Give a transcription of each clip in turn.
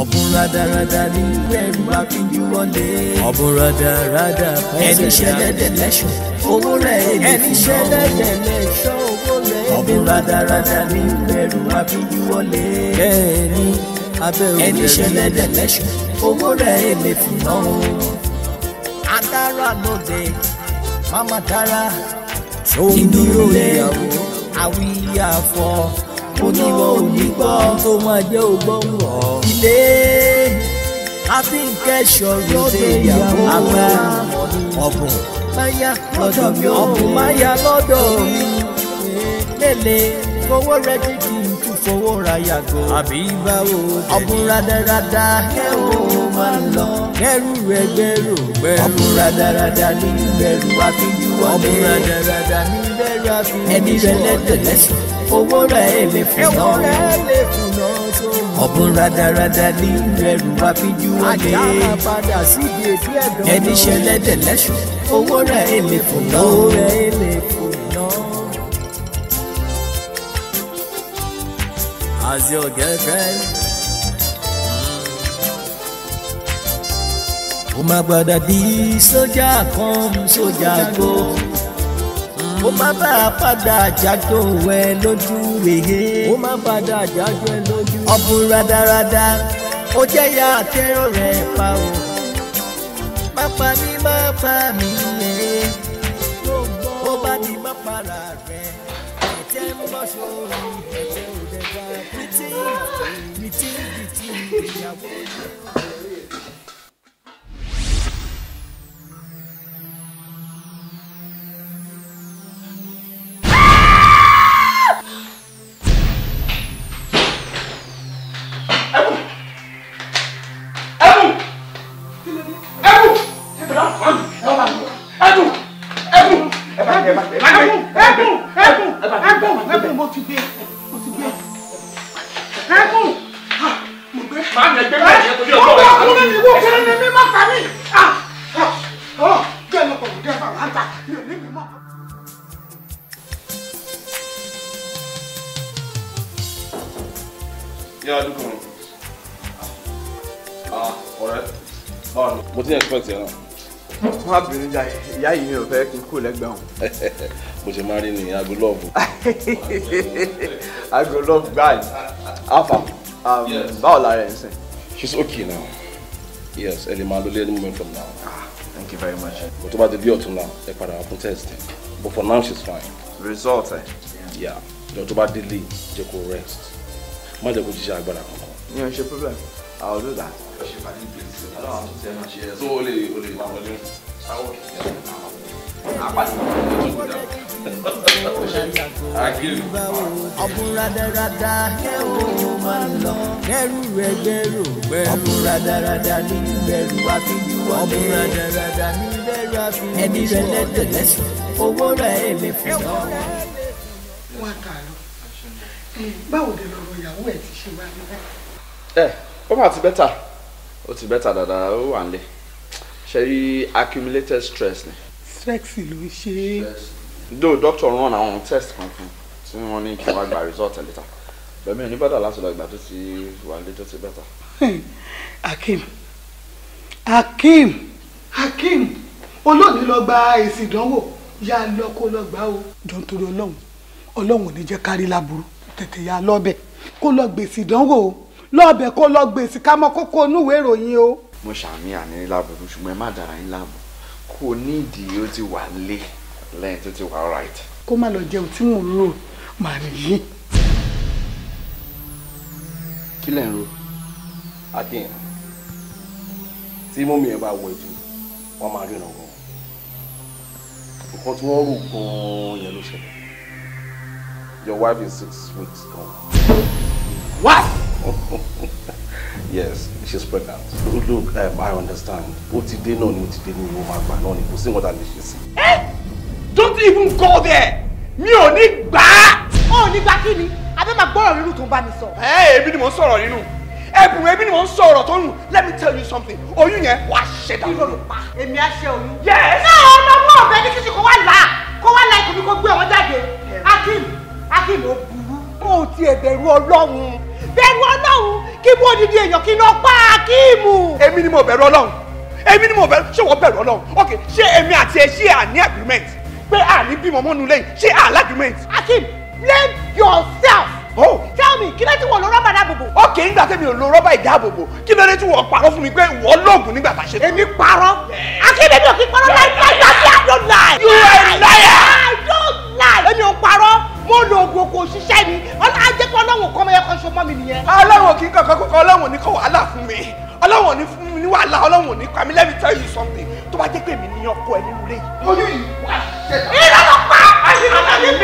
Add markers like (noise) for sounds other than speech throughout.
ọ̀bùn rádaràda ní bẹ́ẹ̀rù bá fi ju wọlé. ọ̀bùn rádaràda kan ṣẹ̀dá ẹni ṣẹlẹ̀dẹ̀ lẹ́ṣọ̀ owó rẹ̀ èlé fi ṣọ́ owó ẹni ṣẹlẹ̀dẹ̀ lẹ́ṣọ̀ owó rẹ̀ èlé fi ṣọ́ ọ̀bùn rádaràda ní bẹ́ẹ̀rù bá fi ju wọlé. bẹ́ẹ̀ni abẹ́ òkè ẹni ṣẹlẹ̀dẹ̀ lẹ́ṣọ̀ owó rẹ̀ èlé fi náà. adára lóde mama dára. sómi ìdúró ìyàwó àwíyá fọ́ ó ní wọn ò ní gbọ́ tó máa jẹ́ ògbọ́n wọ̀. ilé àti nkẹ́sọ̀ lóde ìyàwó àgbà ọ̀bùn lọ́dọ̀ mi ọ̀bùn máa yá lọ́dọ̀ mi lélẹ̀ fowó rẹ ti kì í tún fowó ra yàgò àbí báwo tẹ̀lé ọ̀bùn rádaràda kẹ́ ò máa lọ kẹ́rù rẹ gbẹ́rù gbẹ́rù ọ̀bùn rádaràda ní gbẹ́rù àfi yíwọ́lé ọ̀bùn rádaràda ní gbẹ́rù àfi yíwọ́lé ẹni rẹ lẹ́tẹ̀lẹ́sìn owó rẹ̀ èlé fúnná ọ̀bùn rádaràda ní rẹrù wá fi ju wọlé ẹni ṣẹlẹ̀ dẹ̀ lẹ́sùn owó rẹ̀ èlé fúnná. As your girlfriend. Ó máa gbọ́dọ̀ di sójà kan sójà gbó ó má bá a padà jájọ ẹ lójú rèé. ó má padà jájọ ẹ lójú. ọ̀bùn radarada ó jẹ́ ya àtẹ́rọ̀ rẹ̀ pa o. pápá mi pápá mi yé ó bá di pápá rà rẹ̀ ẹ̀jẹ̀ ń bọ̀ sórí ẹ̀jẹ̀ òdẹ̀dà pìtì pìtì pìtì ìyàwó rẹ̀. ìyá yìí mi ò fẹ́ kí n kú lẹ́gbẹ̀ẹ́ òun. mo (laughs) ṣe máa rí ní aago lọ́ọ̀bù. aago (laughs) lọ́ọ̀bù alpha um, báwo la rẹ̀ ń sìn. she's okay now yes ẹ lè máa lo lé any from now. Ah, thank you very much. mo tó bá di bí ọ̀túnla ẹ padà wá fún test but for now she's fine. result ẹ. yeah ìjọ tó bá délé jẹ́ kó rest má jẹ́ kó jíṣẹ́ agbára kankan. mi ò ṣe problem i will do that. ṣe pàdé ìgbésẹ̀ aláwọ̀ àtúntẹ̀ máa ṣe ẹ̀ tó o lè o lè wọlé ọ̀bùn radarada yẹ òun máa lọ kẹrù rẹ gbẹrù gbẹrù ọ̀bùn ní bẹ̀rù àfijù wọlé ọ̀bùn ní bẹ̀rù àfijù wọlé rẹ lẹ́dẹ̀ lẹ́sùn owó rẹ èlé fún ọ. wọn kà á lọ báwo ni lọ́rọ̀ ìyàwó ẹ ti ṣe wá ní ẹ eh, ó mà ti bẹ́tà ó ti bẹ́tà dáadáa ó wà ń lé ṣe rí accumulated stress ni. stress ló ń ṣe é. though doctor run àwọn test kan fún tí wọ́n ní kí wọ́n gba result later bẹ́ẹ̀ mi ò ní bàdà láti lọ ìgbà tó ti wà nílé tó ti bẹ̀tà. (laughs) akeem akeem akeem olóòní lọ gba èsì ìdánwò yá lọ kó lọ gbà o. jọ nítorí ọlọ́run ọlọ́run ò ní jẹ́ kárí láburú tètè yá lọ́bẹ̀ kó lọ gbèsè ìdánwò o lọ́bẹ̀ kó lọ gbèsè ká mọ kókó onúwèé ìròyìn o mo ṣàmì àní láàbù ṣùgbọ́n ẹ má dára yín láàbù kò nídìí ó ti wà lé lẹ́yìn tó ti wà right. kó má lọ jẹun tí mò ń rò màá nìyí. kí lẹ̀ ń ro. akin tí mọ́mí ẹ bá wọ ìdí wọ́n máa ríran gan nǹkan tí wọ́n rò gan-an yẹn ló ṣẹlẹ̀ your wife is six weeks gone. what yes she's pregnant look um, i understand ó ti dé náà ni ó ti dé ní ìwọ máa gbà náà ni kò sí nǹkan eh? don't even go there Me only back. Oh, á. back ní gbà kí ni abẹ́ máa gbọ́rọ̀ nínú tó ń bá mi sọ. ẹ eh, èmi ni mò ń sọ̀rọ̀ nínú ẹ̀bùn ẹbí ni mò ń let me tell you something oyún yẹn wàá ṣe dànù. irọ́ ló pa èmi á ṣe oyún. yes. náà ọmọ ọmọ ọbẹ ní kíkì kó wá là Go kó wá la ikùn mi kó gbé wọn akim akim oh, burú kó o tiẹ̀ bẹ̀rù ọlọ́run kí mú odidi èèyàn kí lọ pa akíìmù. èmi ni mo bẹ̀rù ọlọ́run èmi ni mo bẹ̀rù ṣé wọ́n bẹ̀rù ọlọ́run ok ṣé èmi àti ẹ ṣé à ní agreement pé à bímọ mọ́nu lẹ́yìn ṣé à lágreement. akim blame yourself. Oh. tell me kí ló ti wọ̀ lọ rọ́bà dáàbòbò. ok nígbà tí ò lo rọ́bà ìdáàbòbò kí ló dé tí wọ́n parọ́ fún mi pé wọ́n lóògùn nígbà tá a ṣe. èmi parọ́ akim èmi ò kí parọ́ láì láì láì I don't lie. you are a liar. I don't lie. èmi ò parọ́ mo lo oògùn kò ṣiṣẹ́ mi ajẹ́pọ̀ ọlọ́run kọ́ mẹ́yẹ kan ṣe mọ́ mi nìyẹn. ọlọ́run kì í kankan kankan ọlọ́run ní kọ́ wàhálà fún mi ọlọ́run ní fún mi ní wàhálà ọlọ́run ní kàmí let me tell you something tó bá jẹ́ pé mi ní ọkọ ẹ nínú ilé yìí. you wait and see. onírànù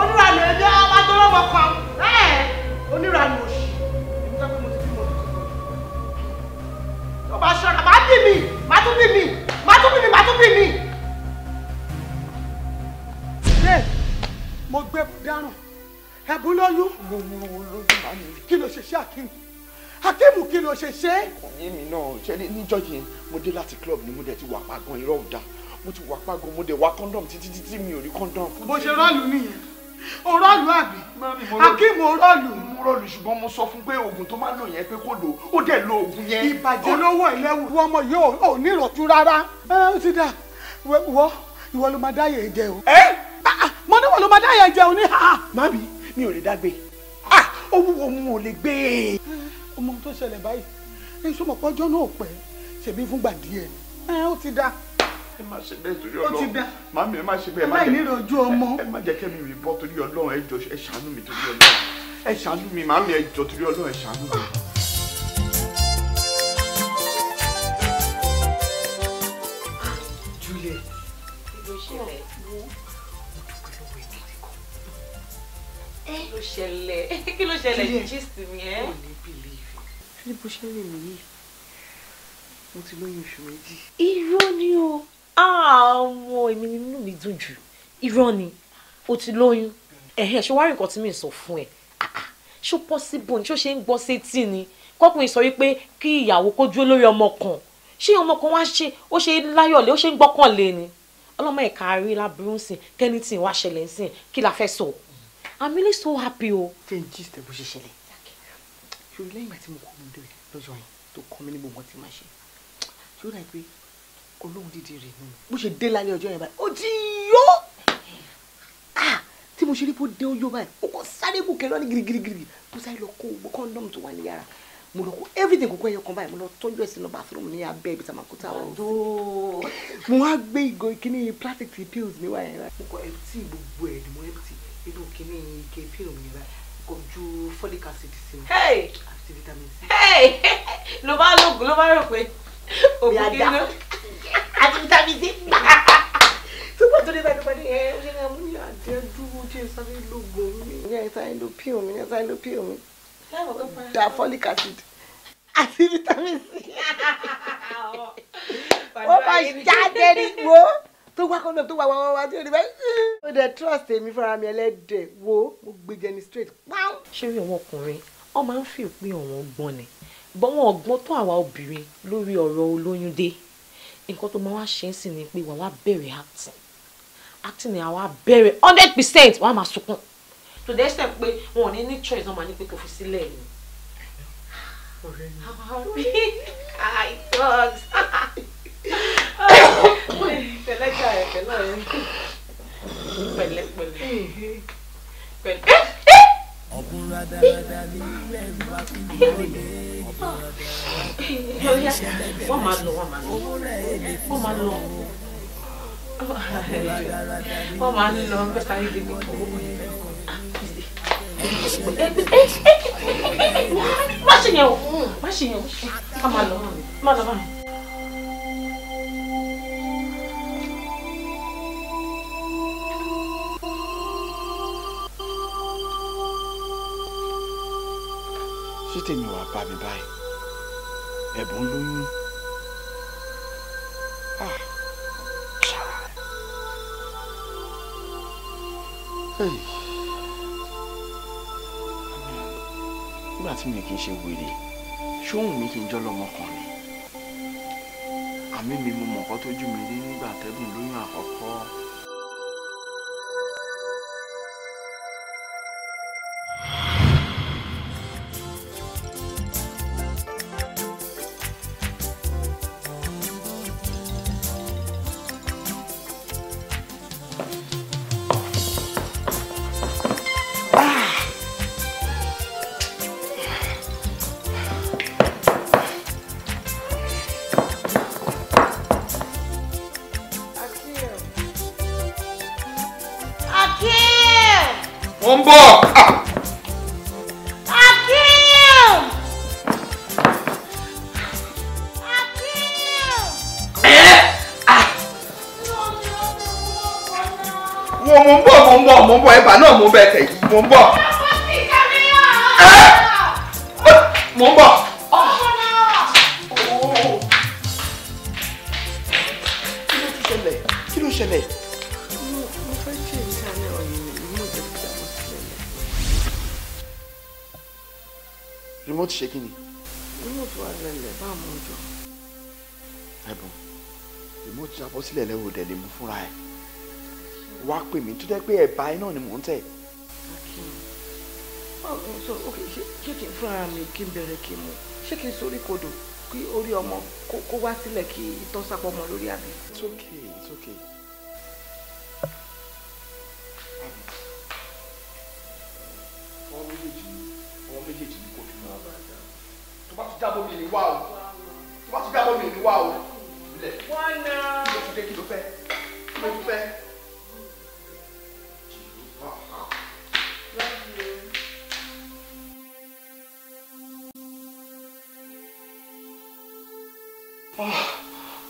onírànù ẹ̀jẹ̀ ọmọ tó oníranù òṣì èmi sọ pé mo ti bí mo tuntun tó bá ṣọ́ra má bí mi má tún bí mi má tún bí mi má tún bí mi. ṣé mo gbé dáràn ẹ̀bùn lóyún. mo ní owó lójú bá mi. kí ló ṣe ṣe àkínní hakeemu kí ló ṣe ṣe. èmi náà ṣe níjọ́ yẹn mo dé láti club ni mo dẹ̀ ti wà pa gan irọ́ ọ̀dà mo dẹ̀ wà kọ́ńdọ̀mù títí títí mi ò rí kọ́ńdọ̀mù. bó ṣe rọ́ọ̀lù nìyẹn o rọ́ọ̀lù àbí akíìmù o rọ́ọ̀lù. mo rọ́ọ̀lù ṣùgbọ́n mo sọ fún pé oògùn tó máa lò yẹn pé kò lò ó dẹ̀ lo oògùn yẹn. ìbàjẹ́ olówó ìlẹ́wù wọ́n mọ̀ yóò ò ní ìrọ̀jú rárá. ẹ ó ti dà wọ́ ìwọ ló máa dáyẹ̀ jẹ o. ẹ ah, ah, mo ní wọ́n ló máa dáyẹ̀ jẹ o ní. Ah, mami mi ò lè dágbé owó òun ò lè gbé e. ọmọ tó ṣẹlẹ̀ báyìí ẹ sọ mọ̀ pọ́jọ́ náà pẹ́ ṣèbí fúngbà díẹ̀ ni. ẹ ó ti dà ẹ má ṣe bẹ́ẹ̀ torí Ọlọ́run màmí ẹ má ṣe bẹ́ẹ̀ ẹ má jẹ́ ojú ọmọ ẹ má jẹ́ kẹ́mi rìn bọ́ torí Ọlọ́run ẹ jọ̀ọ́ ẹ ṣàánú mi torí Ọlọ́run ẹ ṣàánú mi màmí ẹ jọ̀ọ́ torí Ọlọ́run ẹ ṣàánú mi. Juliet ló ṣẹlẹ̀ kí ló ṣẹlẹ̀ kí ló eh? (laughs) mi ẹ́. Eh? ṣé bó ṣe rìn mí mo ti lóyún oṣù méjì. irọ́ ni o. Ah, ọmọ èmi nínú mi dùn jù irọ́ ni o ti lóyún ẹ̀hẹ́n ṣé wàá rí nǹkan tí mi sọ fún ẹ ah, ah, ṣó possible ni ṣó ṣe ń gbọ́ sétí ni kọ́kùnrin sọ wípé kí ìyàwó kó dúró lórí ọmọ kan ṣé ọmọ kan wá ṣe ó ṣe láyọ̀lé ó ṣe ń gbọ́kànlé ni ọlọ́mọ ẹ̀ka rí lábúrú sìn kẹ́ni tí ì wá ṣẹlẹ̀ sìn kí la fẹ́ sọ I'm really so happy o. ṣé n jí ìṣẹ̀bù ṣe ṣẹlẹ̀ ṣòro lẹ́yìn ìgbà tí mo kọ́ mi dé lọ́jọ́ yẹn tó kọ́ mi ní gbogbo ọtí máa ṣe ṣòro náà pé kò dídì rè nù bó ṣe dé lálẹ́ ọjọ́ yẹn báyìí ó ti yó ah, tí mo ṣe rí bó dé ó yó báyìí ó kọ́ sáré bù kẹrọ ní girigirigiri bó sáré lọ kó gbogbo kọ́ńdọ́mù tó wà ní yàrá mo lọ kó everything kókó ẹyọ kan báyìí mo lọ tọ́jú ẹ̀ sínú bathroom ní abẹ́ ibi tàmà kúta wa mo wá gbé ìgò ìkíní plastic pills mi wá yẹn mo kọ empty gbogbo ẹ̀ ni mo empty inú kíní ike pill mi rà kò ju folic acid sí mi àti vitamin c. (laughs) ló bá lóògùn ló bá rò pé òògùn kí ló vitamin D ṣùgbọ́n tó lè bá ìdúpọ̀ ní ẹ ó ṣe ń mú ní àdé dúró jẹ́ sáré lóògùn mi. ní ẹ sáré lo pí omi ní ẹ sáré lo pí omi da folic acid àti vitamin C ó bá jáde nígbó tó wá kọ́ńdọ̀ tó wá wá wá tí o ní bẹ́ẹ̀. ó dẹ trust èmi fúnra mi ẹlẹ́dẹ̀ wo mo gbé jẹni straight. ṣé rí àwọn ọkùnrin wọn máa ń fi òpin ọ̀wọ́n gbọ́n ni bọ́wọ́n ọgbọ́n tó àwa obìnrin lórí ọ̀rọ̀ olóyún dé nǹkan tó máa wá ṣe ń sìn ni pé wàá wá bẹ̀rẹ̀ acting acting ni àwa bẹ̀rẹ̀ hundred percent wàá máa sunkún to the extent pé wọn ò ní ní choice wọn máa ní pé kò fi sílẹ̀ ni. I thought. ní ilé ìwà fún mi lóde. (laughs) wọ́n máa lọ wọ́n máa lọ wọ́n máa lọ wọ́n máa lọ mẹ́ta yìí dé nípa owó má ṣe yẹn o má ṣe yẹn o má lọ má lọ má ṣé tèmi wàá bá mi báyìí ẹ̀bùn lóyún ah, nígbà tí mi kì í ṣe wèrè ṣóhùn mi kì í jọ́ lọ́mọkùnrin àmì mi mo mọ̀kọ́ tójú mi rí nígbà tẹ́gùn lóyún àkọ́kọ́. àyè náà ni mò ń tẹ̀. Oh, eh, ṣé kí n fúnra mi kí n bẹ̀rẹ̀ kí n mú ṣé kí n sórí kodò kí orí ọmọ kó wá sílẹ̀ kí itọ́ sápọ̀ ọmọ lórí àbí. it's okay it's okay. ọmọ méjèèjì ọmọ méjèèjì ni kò fi máa bá a dá tó bá tún jábọ̀ mi ní wá o tó bá tún jábọ̀ mi ní wá o. wọ́n náà. kí ló tún dé kí ló fẹ́ kí ló tún fẹ́.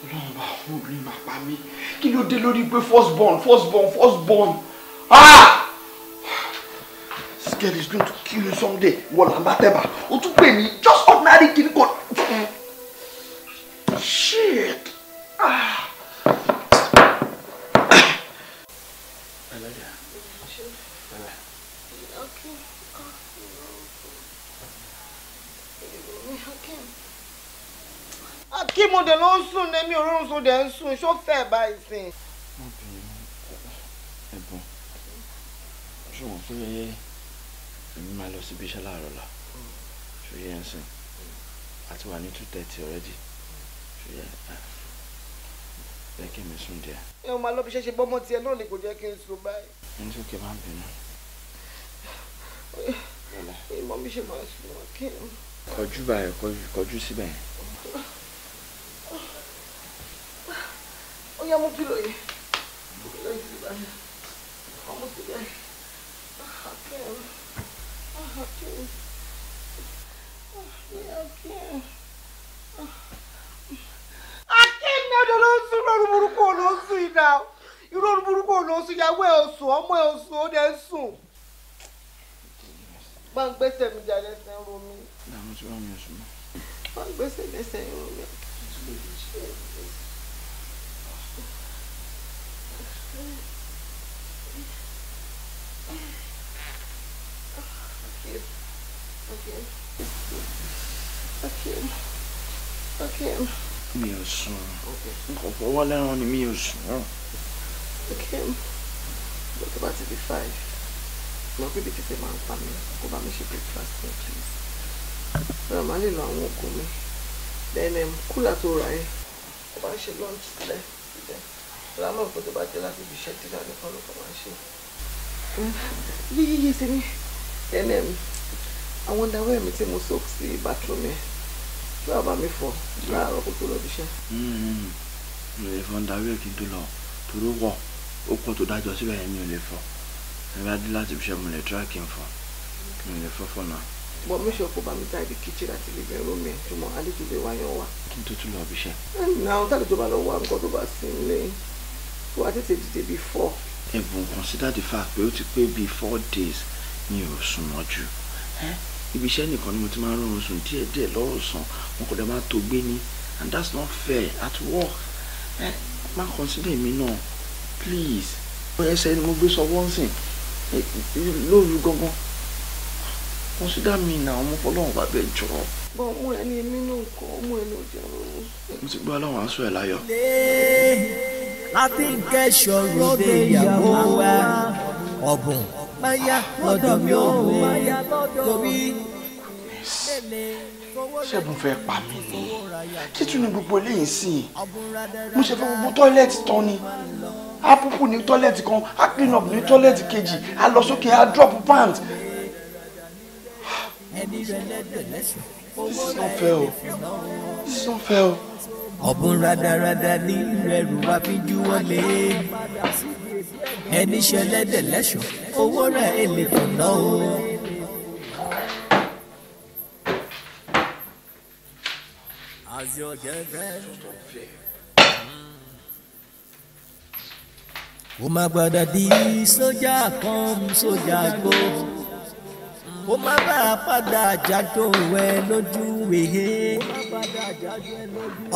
ọlọ́run bá fún obìnrin máa pa first born first born first born ah this girl is going to kill you someday wọ́n là ń bá tẹ́ bá o just ordinary kìnnìkan shit. kí mo dẹ̀ ló ń sùn ní mi òórùn sùn dẹ̀ ń sùn ṣó fẹ́ báyìí sìn. má bínú ẹ̀bùn ṣùgbọ́n pé èmi máa lọ síbi iṣẹ́ láàárọ̀ la ṣòye ń sìn àti wà ní two thirty already ṣòye ẹ kí mi sùn díẹ̀. ẹ o máa lọ bí ṣe ṣe bọ́mọ tiẹ̀ náà ni kò jẹ́ kí n sùn báyìí. ẹni tó kẹ máa ń bínú. ìmọ̀ mi ṣe máa sùn wá kí n. kọjú báyìí kọjú síbẹ̀ yẹn. yá mú kìlọ̀ yìí mú kìlọ̀ yìí sí báyìí wọ́n mú sí báyìí Akin Akin Akin Akin ní ọjọ́ ló ń sún lórí burúkú ló ń sún ìdá irú orí burúkú ló ń sún ìyàwó ẹ̀ ọ̀sùn ọmọ ẹ̀ ọ̀sùn ó dẹ̀ ń sùn bá ń gbẹ́sẹ̀ mi jà lẹ́sẹ̀ ń ro mi. tí wàá mi ò mọ́. bá ń gbẹ́sẹ̀ lẹ́sẹ̀ Okay. Okay. sùn Okay. wá lẹ́ràn ni mi ò Okay. náà. okay lókè bá ti di five lọ pé bí tètè máa ń pa mi kó bá mi ṣe breakfast ní please ọ̀rọ̀ máa lè lo àwọn oògùn mi then kúlà tó ra yẹn kó bá ń ṣe lunch sílẹ̀ sílẹ̀ ọ̀rọ̀ àmọ́ òkú tó bá jẹ́ láti ibi iṣẹ́ dídá nìkan ló kọ́ máa ń ṣe. yíyí yìí sí mi then. Um, àwọn ọ̀dàwọ̀ ẹ̀mí tí mo soak sí bathroom yẹn tí wàá bá mi fọ láàárọ̀ kó tó lọ bíṣẹ́. Hmm, mi ò lè fọ ọ̀dàwọ̀ kí n tó lọ torí wọ̀ ó pọ̀ tó dájọ́ síbẹ̀ yẹn mi ò lè fọ mi bá dé láti bíṣẹ́ mo lè tíra kí n fọ mi ò lè fọ fọ náà. bọ mi ṣe kó bá mi táyà di kitchen àti living room yẹn jùmọ̀ àlejò lè wáyọ̀ wá. kí n tó tún lọ bíṣẹ́. náà tálejò bá lọ wá nǹkan tó bá sí ilé wà á tètè dìde bíi four ẹ̀bùn consider the fact pé ó ti pé bíi four days mi ò sùn mọ́jú ibi iṣẹ́ nìkan ni mo ti máa ń rọrùn sùn díẹ̀ díẹ̀ lọ́rùn wọn kò dẹ̀ máa tó gbé ni and that's not fair at work ẹ má consider mi náà please ẹsẹ̀ ni mo gbé sọ wọ́n sìn lóru gangan consider mi náà ọmọ fọlọ́run bá bẹ̀ jọ. bọ́ ọmọ ẹ ní èmi náà kọ́ ọmọ ẹ náà jẹ́ ọ̀rọ̀. mo ti gbọ́ aláwọ̀ aṣọ ẹ̀ láyọ̀. láti kẹ́sọ̀rọ̀ ìgbéyàwó wa ọ̀bùn báyà lọ́dọ̀ mi ò wẹ̀ torí. ṣẹ́gun fẹ́ pa mí ni títún ní gbogbo eléyìí sí i mo ṣe fẹ́ gbogbo tọ́ílẹ̀tì tán ni apupu ní tọ́ílẹ̀tì kan a clean up ní tọ́ílẹ̀tì kejì a lọ sókè a drop pant. sísan fẹ́ o sísan fẹ́ o. ọ̀bùn rádaràda ní rẹ̀ rù wá fi juwọ́ lé. ẹni ṣe lẹ́dẹ̀ owó rẹ̀ èlé kò o. As your girlfriend. di sójà kan sójà gbó o ma bá a padà jájó ẹ lójú wèé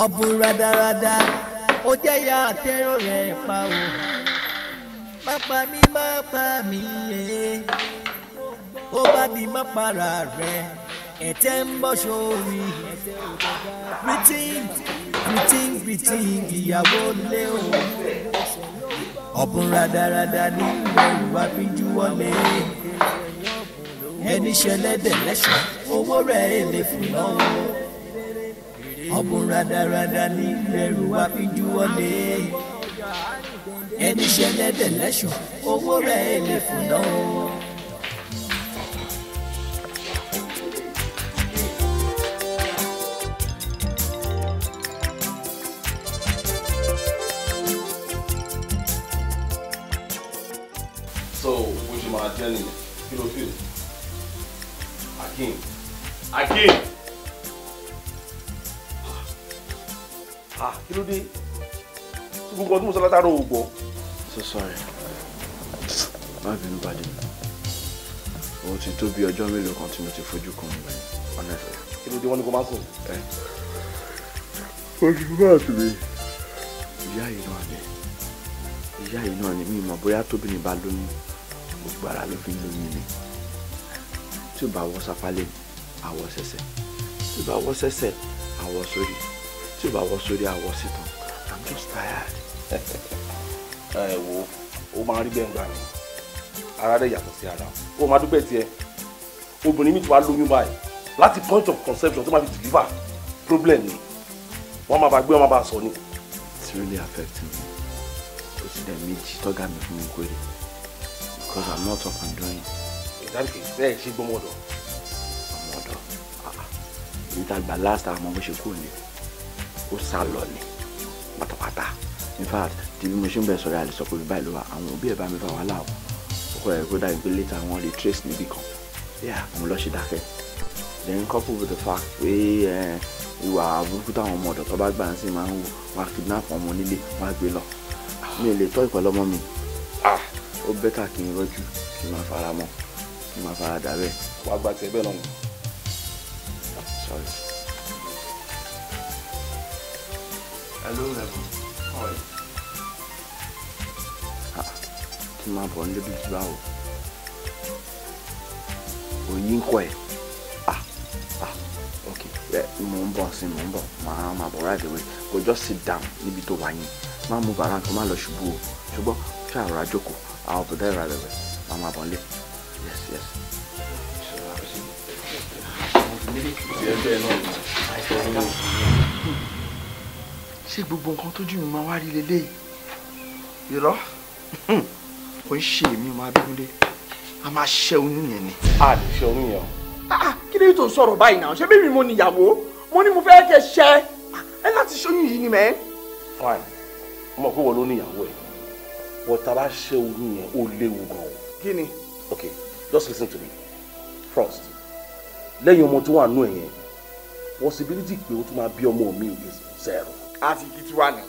ọ̀bùn radarada ó jẹ́ ya àtẹ́rọ̀ rẹ̀ pa o. má mi, mí pa mí yé ó bá mi má para rẹ̀ ẹ̀tẹ́ ń bọ́ sórí greeting greeting greeting ìyàwó lé o ọ̀bùn radarada ní ẹrù abíjú wọlé ẹni ṣẹlẹ́dẹ̀ lẹ́sàn owó rẹ̀ èlé fún lọ́wọ́ ọ̀bùn radarada ní ẹrù abíjú wọlé ẹni ṣe lẹ́dẹ̀ lẹ́ṣọ̀ owó rẹ̀ èlé fún náà. Akin. Akin! Ah, kí ló dé? gbogbo ọdún mọ́sálá tààrọ̀ ògbọ́. so sorry má bínú bàdé mi òun ti tó bí ọjọ́ mélòó kan tí mo ti fojú kan mi honestly. kí ló dé wọn ni kò máa sùn. ẹ oṣù fún àtúnbí ìyá yìí náà ni ìyá yìí náà ni mi mọ̀ bóyá tóbi ní bá lóyún gbogbo ara ló fi ń lóyún mi tí ò bá wọ́ sápálẹ̀ àwọ̀ sẹ̀sẹ̀ tí ò bá wọ́ sẹ̀sẹ̀ àwọ̀ sórí tí ò bá wọ́ sórí àwọ̀ sítan I'm just tired. (laughs) ẹ wo ó máa rí bẹ́ẹ̀ ń gbà mí ara rẹ̀ yàtọ̀ sí ara ó máa dúpẹ́ tiẹ̀ obìnrin mi ti wá lóyún báyìí láti point of conception tó máa fi deliver problem ni wọ́n máa bá gbé wọ́n máa bá sọ ni. it's really affecting me ó sì dẹ̀ méjì tọ́gà mi fún mi kórè because i'm not up and doing. ìdáríkè bẹ́ẹ̀ ṣe gbọ́mọdọ̀. ọmọdọ̀ níta ah, ah. gba last time ọmọ bó ṣe kú ni ó sá lọ ni pátápátá in fact tí bí mo ṣe ń bẹ̀ sọ̀rọ̀ àlè sọ pé báyìí ló wà àwọn òbí ẹ̀ bá mi bá wà láwọn ọkọ ẹ̀ kó dàbí pé later wọ́n lè trace níbì kan yà mo lọ ṣe dákẹ́ then couple with the fact pé ìwà burúkú táwọn ọmọ ọ̀dọ̀ tó bá gbà ń sìn máa ń wò wá kidnap ọmọ nílé wá gbé lọ mi ò lè tọ́ ìpẹ́ lọ́mọ mi ah, ó bẹ́tà kí n rọ́jú kí n máa fara mọ́ kí n máa fara dà bẹ́ẹ̀. wàá gba tiẹ̀ bẹ́ẹ̀ lọ́wọ́. Ah, hello everyone kí n máa bọ̀ níbi tí báwo òyìn kọ ẹ̀ ah ah ok mò ń bọ̀ sí mò ń Ma, ma, máa bọ̀ right away go just sit down níbi tó wà yín Ma, move around kó má lọ ṣubú o ṣùgbọ́n ṣáà rà jókòó àwọn ọ̀bọ̀dá ìrọ̀lẹ́ rẹ̀ màá máa bọ̀ nílé yes yes. Thank you ṣé gbogbo nǹkan tójú mi máa wá rí leléyìí irọ́ hmm. kò ń ṣe èmi máa bímúlé a máa ṣẹ́ oyún yẹn ni. a lè ṣe oyún yẹn o. Ah, ah, kí ni tó sọ̀rọ̀ báyìí náà ṣé bébí mo níyàwó mo ní mo fẹ́ kẹ́ ṣẹ́ ah, ẹ láti ṣóyún yìí ni mẹ́. fine mo kó wọn ló níyàwó ẹ wọ́n ta bá oyún yẹn ó léwu gan kí ni. okay just listen to me first lẹ́yìn ọmọ tó wà nù ẹ̀yẹn possibility pé o tún máa bí ọmọ mi is zero a sì di tiwa nù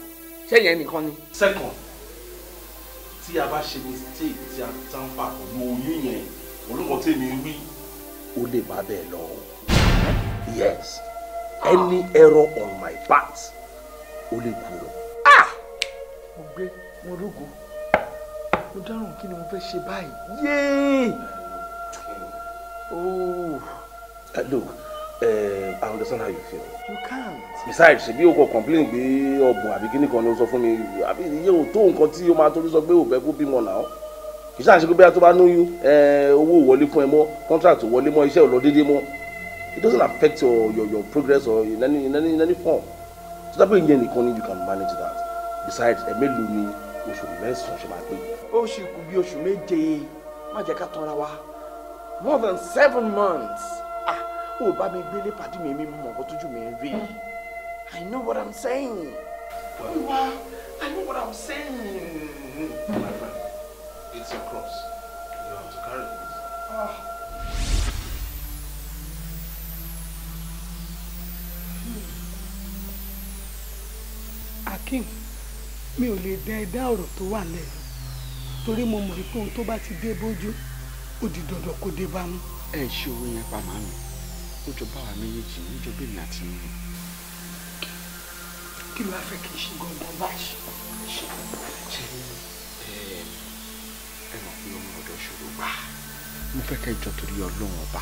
ẹnìkan ni. second tí a bá ṣe mistake tí a tán pa pẹ̀lú oyún yẹn olùkọ́ tèmi wí ó lè má bẹ́ẹ̀ lọ. yes any error on my part ó lè kú lọ. Ah! mo gbé mo rúgùn mo dárùn kí ni mo fẹ́ ṣe báyìí. yéé. oh. Uh, I understand how you feel. You can't. Besides, ṣebí o kò complain Be ọ̀bùn àbí kíní kan ló sọ fún mi àbí iye ò tó nǹkan tí o máa torí sọ pé o fẹ́ kó bímọ náà. Kì í ṣàǹṣe pé bí a tó bá lóyún eh, owó wọlé fún ẹ mọ́ contract wọlé mọ́ iṣẹ́ ò lọ déédéé mọ́. It doesn't affect your your, your progress or in any in any in any form. So that way ìyẹn nìkan ni you can manage that. Besides, ẹ mélòó ni oṣù mẹ́sàn-án ṣe máa pé. Ó ṣì kù bí oṣù méje má jẹ́ ká tọ́ra wa more than seven months. Ah o bá mi gbélé pàdé mi mi mọ̀ nǹkan mi rí i know what i'm saying. wíwá i know what i'm saying. my friend it's a cross you have to carry it. Ah. Akeem mi ò lè dá ẹdá ọ̀rọ̀ tó wà lẹ́yìn torí mo mọ̀ pé ohun tó bá ti dé bójú ó di dandan kó dé bá ẹ ṣe owó yẹn pa màmí ó jọ báwa méjèèjì ó jọ bèmí àti nínú. kí ló wá fẹ́ kí n ṣe gbọ̀ngàn báyìí ṣe ṣe ẹ mọ̀ pé ọmọ ọ̀dọ̀ ṣòro gbà mo fẹ́ kẹ́ jọ torí ọlọ́run ọba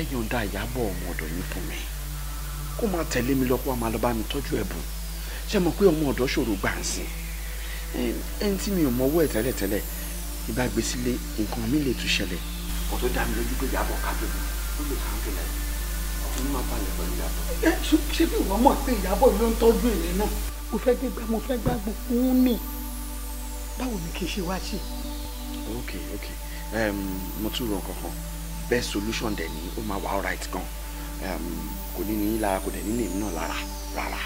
ẹ yọ̀ǹda ìyàbọ̀ ọmọ ọ̀dọ̀ yín fún mi kó máa tẹ̀lé mi lọ́kọ́ máa lọ bá mi tọ́jú ẹ̀bùn ṣe mọ̀ pé ọmọ ọ̀dọ̀ ṣòro gbà ń sìn ẹni tí mi ò mọwọ́ ẹ̀ tẹ́lẹ̀tẹ́lẹ̀ ìbá gbèsè lé nǹkan mi lè tún ṣẹlẹ̀ kó tó dá mi lójú pé ìyàbọ̀ kábíyèmí ṣé bí wọ́n mọ̀ pé ìyàbọ̀ ló ń tọ́jú ìrìn náà mo fẹ́ gbégbá mo fẹ́ gbá gbogbo ń nì báwo ni kì í ṣe wá sí. ok ok mo tún rọ kankan best solution dẹ̀ ni ó máa wà alright gan kò ní ní lára kò dẹ̀ ní lèmi náà lára rárá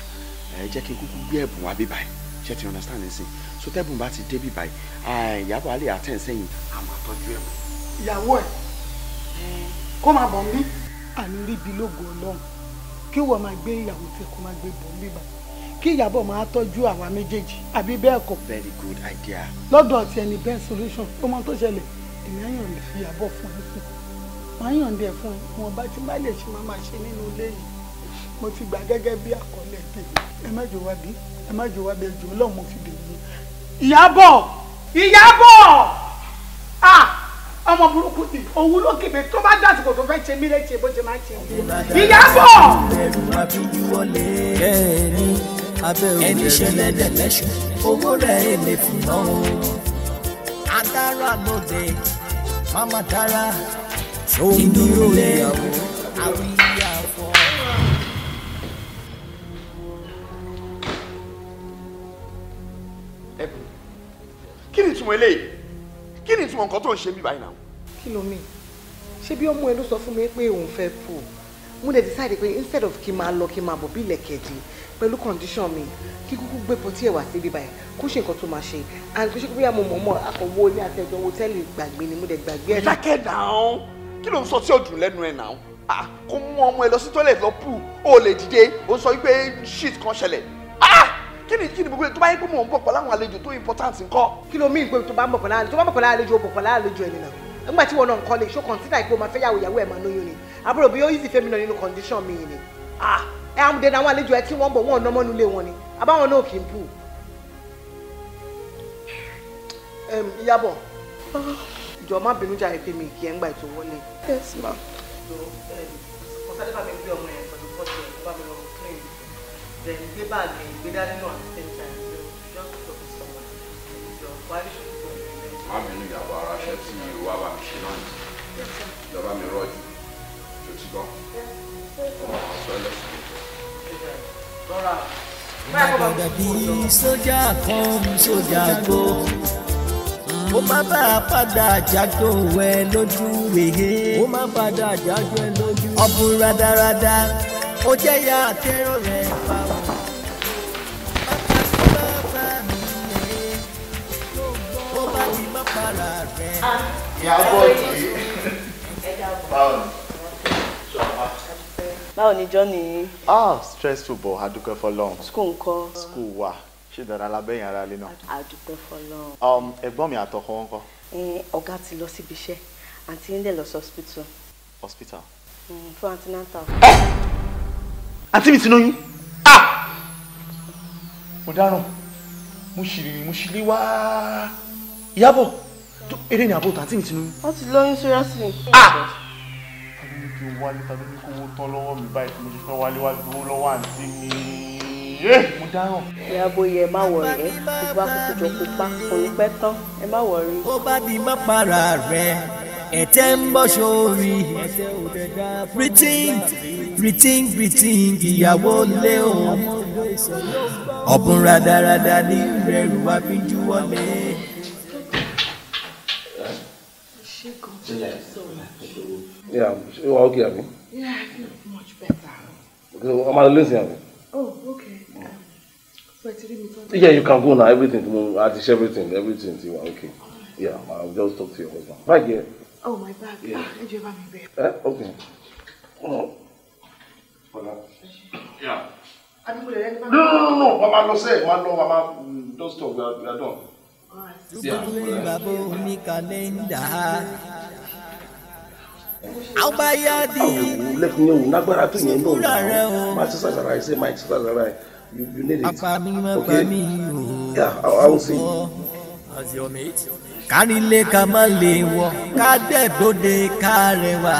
ẹ jẹ́ kí n kúkú gbé ẹ̀bùn wá bí báyìí ṣé ti understand nísìn so tẹ́bùn bá ti dé bí báyìí ìyàbọ̀ alẹ́ àtẹ̀ sẹ́yìn a máa ẹ̀bùn. ìyàwó ẹ̀ kó máa bọ̀ mí. àní ríbi lógo ọlọ́run kí wọ́n máa gbé ìyàwó tẹ kó máa gbé bọ̀ mí bá kí ìyàbọ̀ máa tọ́jú àwa méjèèjì àbí bẹ́ẹ̀ kọ́. very good idea. lọ́dọ̀ ti ẹni best solution ó mọ tó ṣẹlẹ̀ èmi á yàn lè fi ìyàbọ̀ fún ẹ fún màá yàn dẹ̀ fún ẹ wọn bá tí bá lè ṣe máa máa ṣe nínú ilé yìí mo ti gbà gẹ́gẹ́ bí àkọọ́lẹ̀ pé ẹ má jò wá bí ẹ má jò wá bí ẹ jò ọlọ́run mo fi bèèrè ìyàbọ̀ ìyàbọ̀ ah ọmọ burúkú ni òun ló kébé tó bá dàsìkò tó fẹ́ ṣe mí léṣe bó ṣe máa ṣe ìyàbọ̀. ẹni ẹni ṣẹlẹ̀ dẹ̀lẹ́ṣù owó rẹ̀ èlé fún náà adára lóde mama dára inú ilé àwíyá fọ́. kí ni ìtumọ̀ eléyìí kí ni ìtumọ̀ nǹkan tó ń ṣe mí báyìí náà. kí ló mi ṣé bí ọmọ ẹ ló sọ fún mi pé òun fẹ́ pò mo dẹ̀ decide pé instead of kí n máa lọ kí n máa bọ̀ bí ilẹ̀kẹ̀dì pẹ̀lú condition mi kí kúkú gbé pọtí ẹ̀ wá síbi báyìí kó ṣe nǹkan tó máa ṣe and kó ṣe pé bóyá mo mọ̀ mọ́ akọ̀wé ní àtẹ̀jọ́ hòtẹ́ẹ̀lì gbàgbé ni mo dẹ̀ gbàgbé ẹ̀. dákẹ́ dáhùn kí ló ń sọ tí ò dùn lẹ́nu ẹ̀ náà ah, kó mú ọmọ ẹ lọ sí toilet lọ pù ó lè dìde ó sọ wípé shit kan ṣẹlẹ̀ kí ni kí ni gbogbo ẹ tó bá yẹ pé mò ń bọ̀ pọ̀ láwọn àlejò tó important ńkọ́. kí ló mean pé tó bá ń bọ̀ pọ̀ láàlejò tó bá ń bọ̀ pọ̀ láàlejò bọ̀ pọ̀ láàlejò ẹ̀ nìyà nígbà tí wọn náà ń kọ́ lè ṣó consider ìpò máa fẹ́ yàwó ìyàwó ẹ̀ máa lóyún ni àbúrò bí ó yí sí fẹ́mi náà nínú condition mi ni ah ẹ̀ àwọn dẹ̀nà àwọn àlejò ẹ̀ tí wọ́n bọ̀ wọ́n ọ̀nà mọ́nu lé wọn ni àbáwọn náà kì í bù. Ìyábọ̀ ìjọ má bínú jàre pé mi kì í ẹ̀ ń gbà ètò wọlé. yes ma. ọ̀sán lè bá mi gbé ọmọ yẹn then gbé báàgì gbé dání náà at the same time you just talk to someone so why should you go to the next. má bínú ìyàwó ara ṣe tí wàá bá mi ṣe náà ni ìjọba mi rọjò tó ti gbọ́ ọmọ ọ̀sán lẹ́sìn lọ́ra. Gbàgbà bí sójà kan sójà gbó. Ó má bá a padà jágbó ẹ lójú wèé. Ó má padà jágbó ẹ lójú. Ọ̀bùn rádaràda ó jẹ́ ìyá àtẹ́rọ̀ rẹ̀ pa wọ́n. bàbá tó bá bá mi lè ó bá ti má para rẹ̀. báwo ni báwo yìí. ah stressful bọ̀ adúpẹ́ fọlọ́run. school ńkọ́. school wa ṣé dára lábẹ́yìn ara lé náà. adúpẹ́ fọlọ́run. Um, ẹ̀gbọ́n mi àtọkọ wọn kọ́. ọ̀gá ti lọ síbi iṣẹ́ àǹtí ń dẹ̀ lọ sí hospital. hospital. Mm, fún antenatal. Eh! àǹtí mi ti lóyún ah mo dáràn mo ṣì rìn mo ṣì lé wá ìyábọ̀ tó eré ni àbòtò àǹtí mi ti lóyún. wọ́n ti lóyún seriously. ah tàbí ní kí n wálé tàbí ní kí owó tán lọ́wọ́ mi báyìí tí mo ṣe fẹ́ wálé wá gbowó lọ́wọ́ àǹtí mi eh! mo dáràn. ìyàbọ̀ yẹ ẹ má wọ̀rẹ́ gbogbo àkókò jọ kópa kò ní pẹ́ tán ẹ má wọ̀rẹ́. ó bá di má para rẹ̀ ẹ̀tẹ́ ń bọ́ sórí rethink rethink rethink ìyàwó lé o ọ̀bùn radarada ní rẹrù wá fi jú wọlé. Yeah, you are okay, Abi. Yeah, I feel much better. Because I'm not losing, Abi. Oh, okay. Um, so yeah, you can go now. Everything, I teach everything, everything. You are okay. Yeah, I'll just talk to your husband. Bye, girl. Oh, my bag. Yeah. Ah, ẹjọ bá mi bẹ. Eh, oh. Ẹ ọgbìn. Yeah. Adúgbòlẹ̀ rẹ̀ ní bá No no no no, màmá no say? màmá no, màmá don't stop, we are done. Yeah, kárílé ká má lè wọ ká dẹ̀gbọ́dẹ ká rẹwà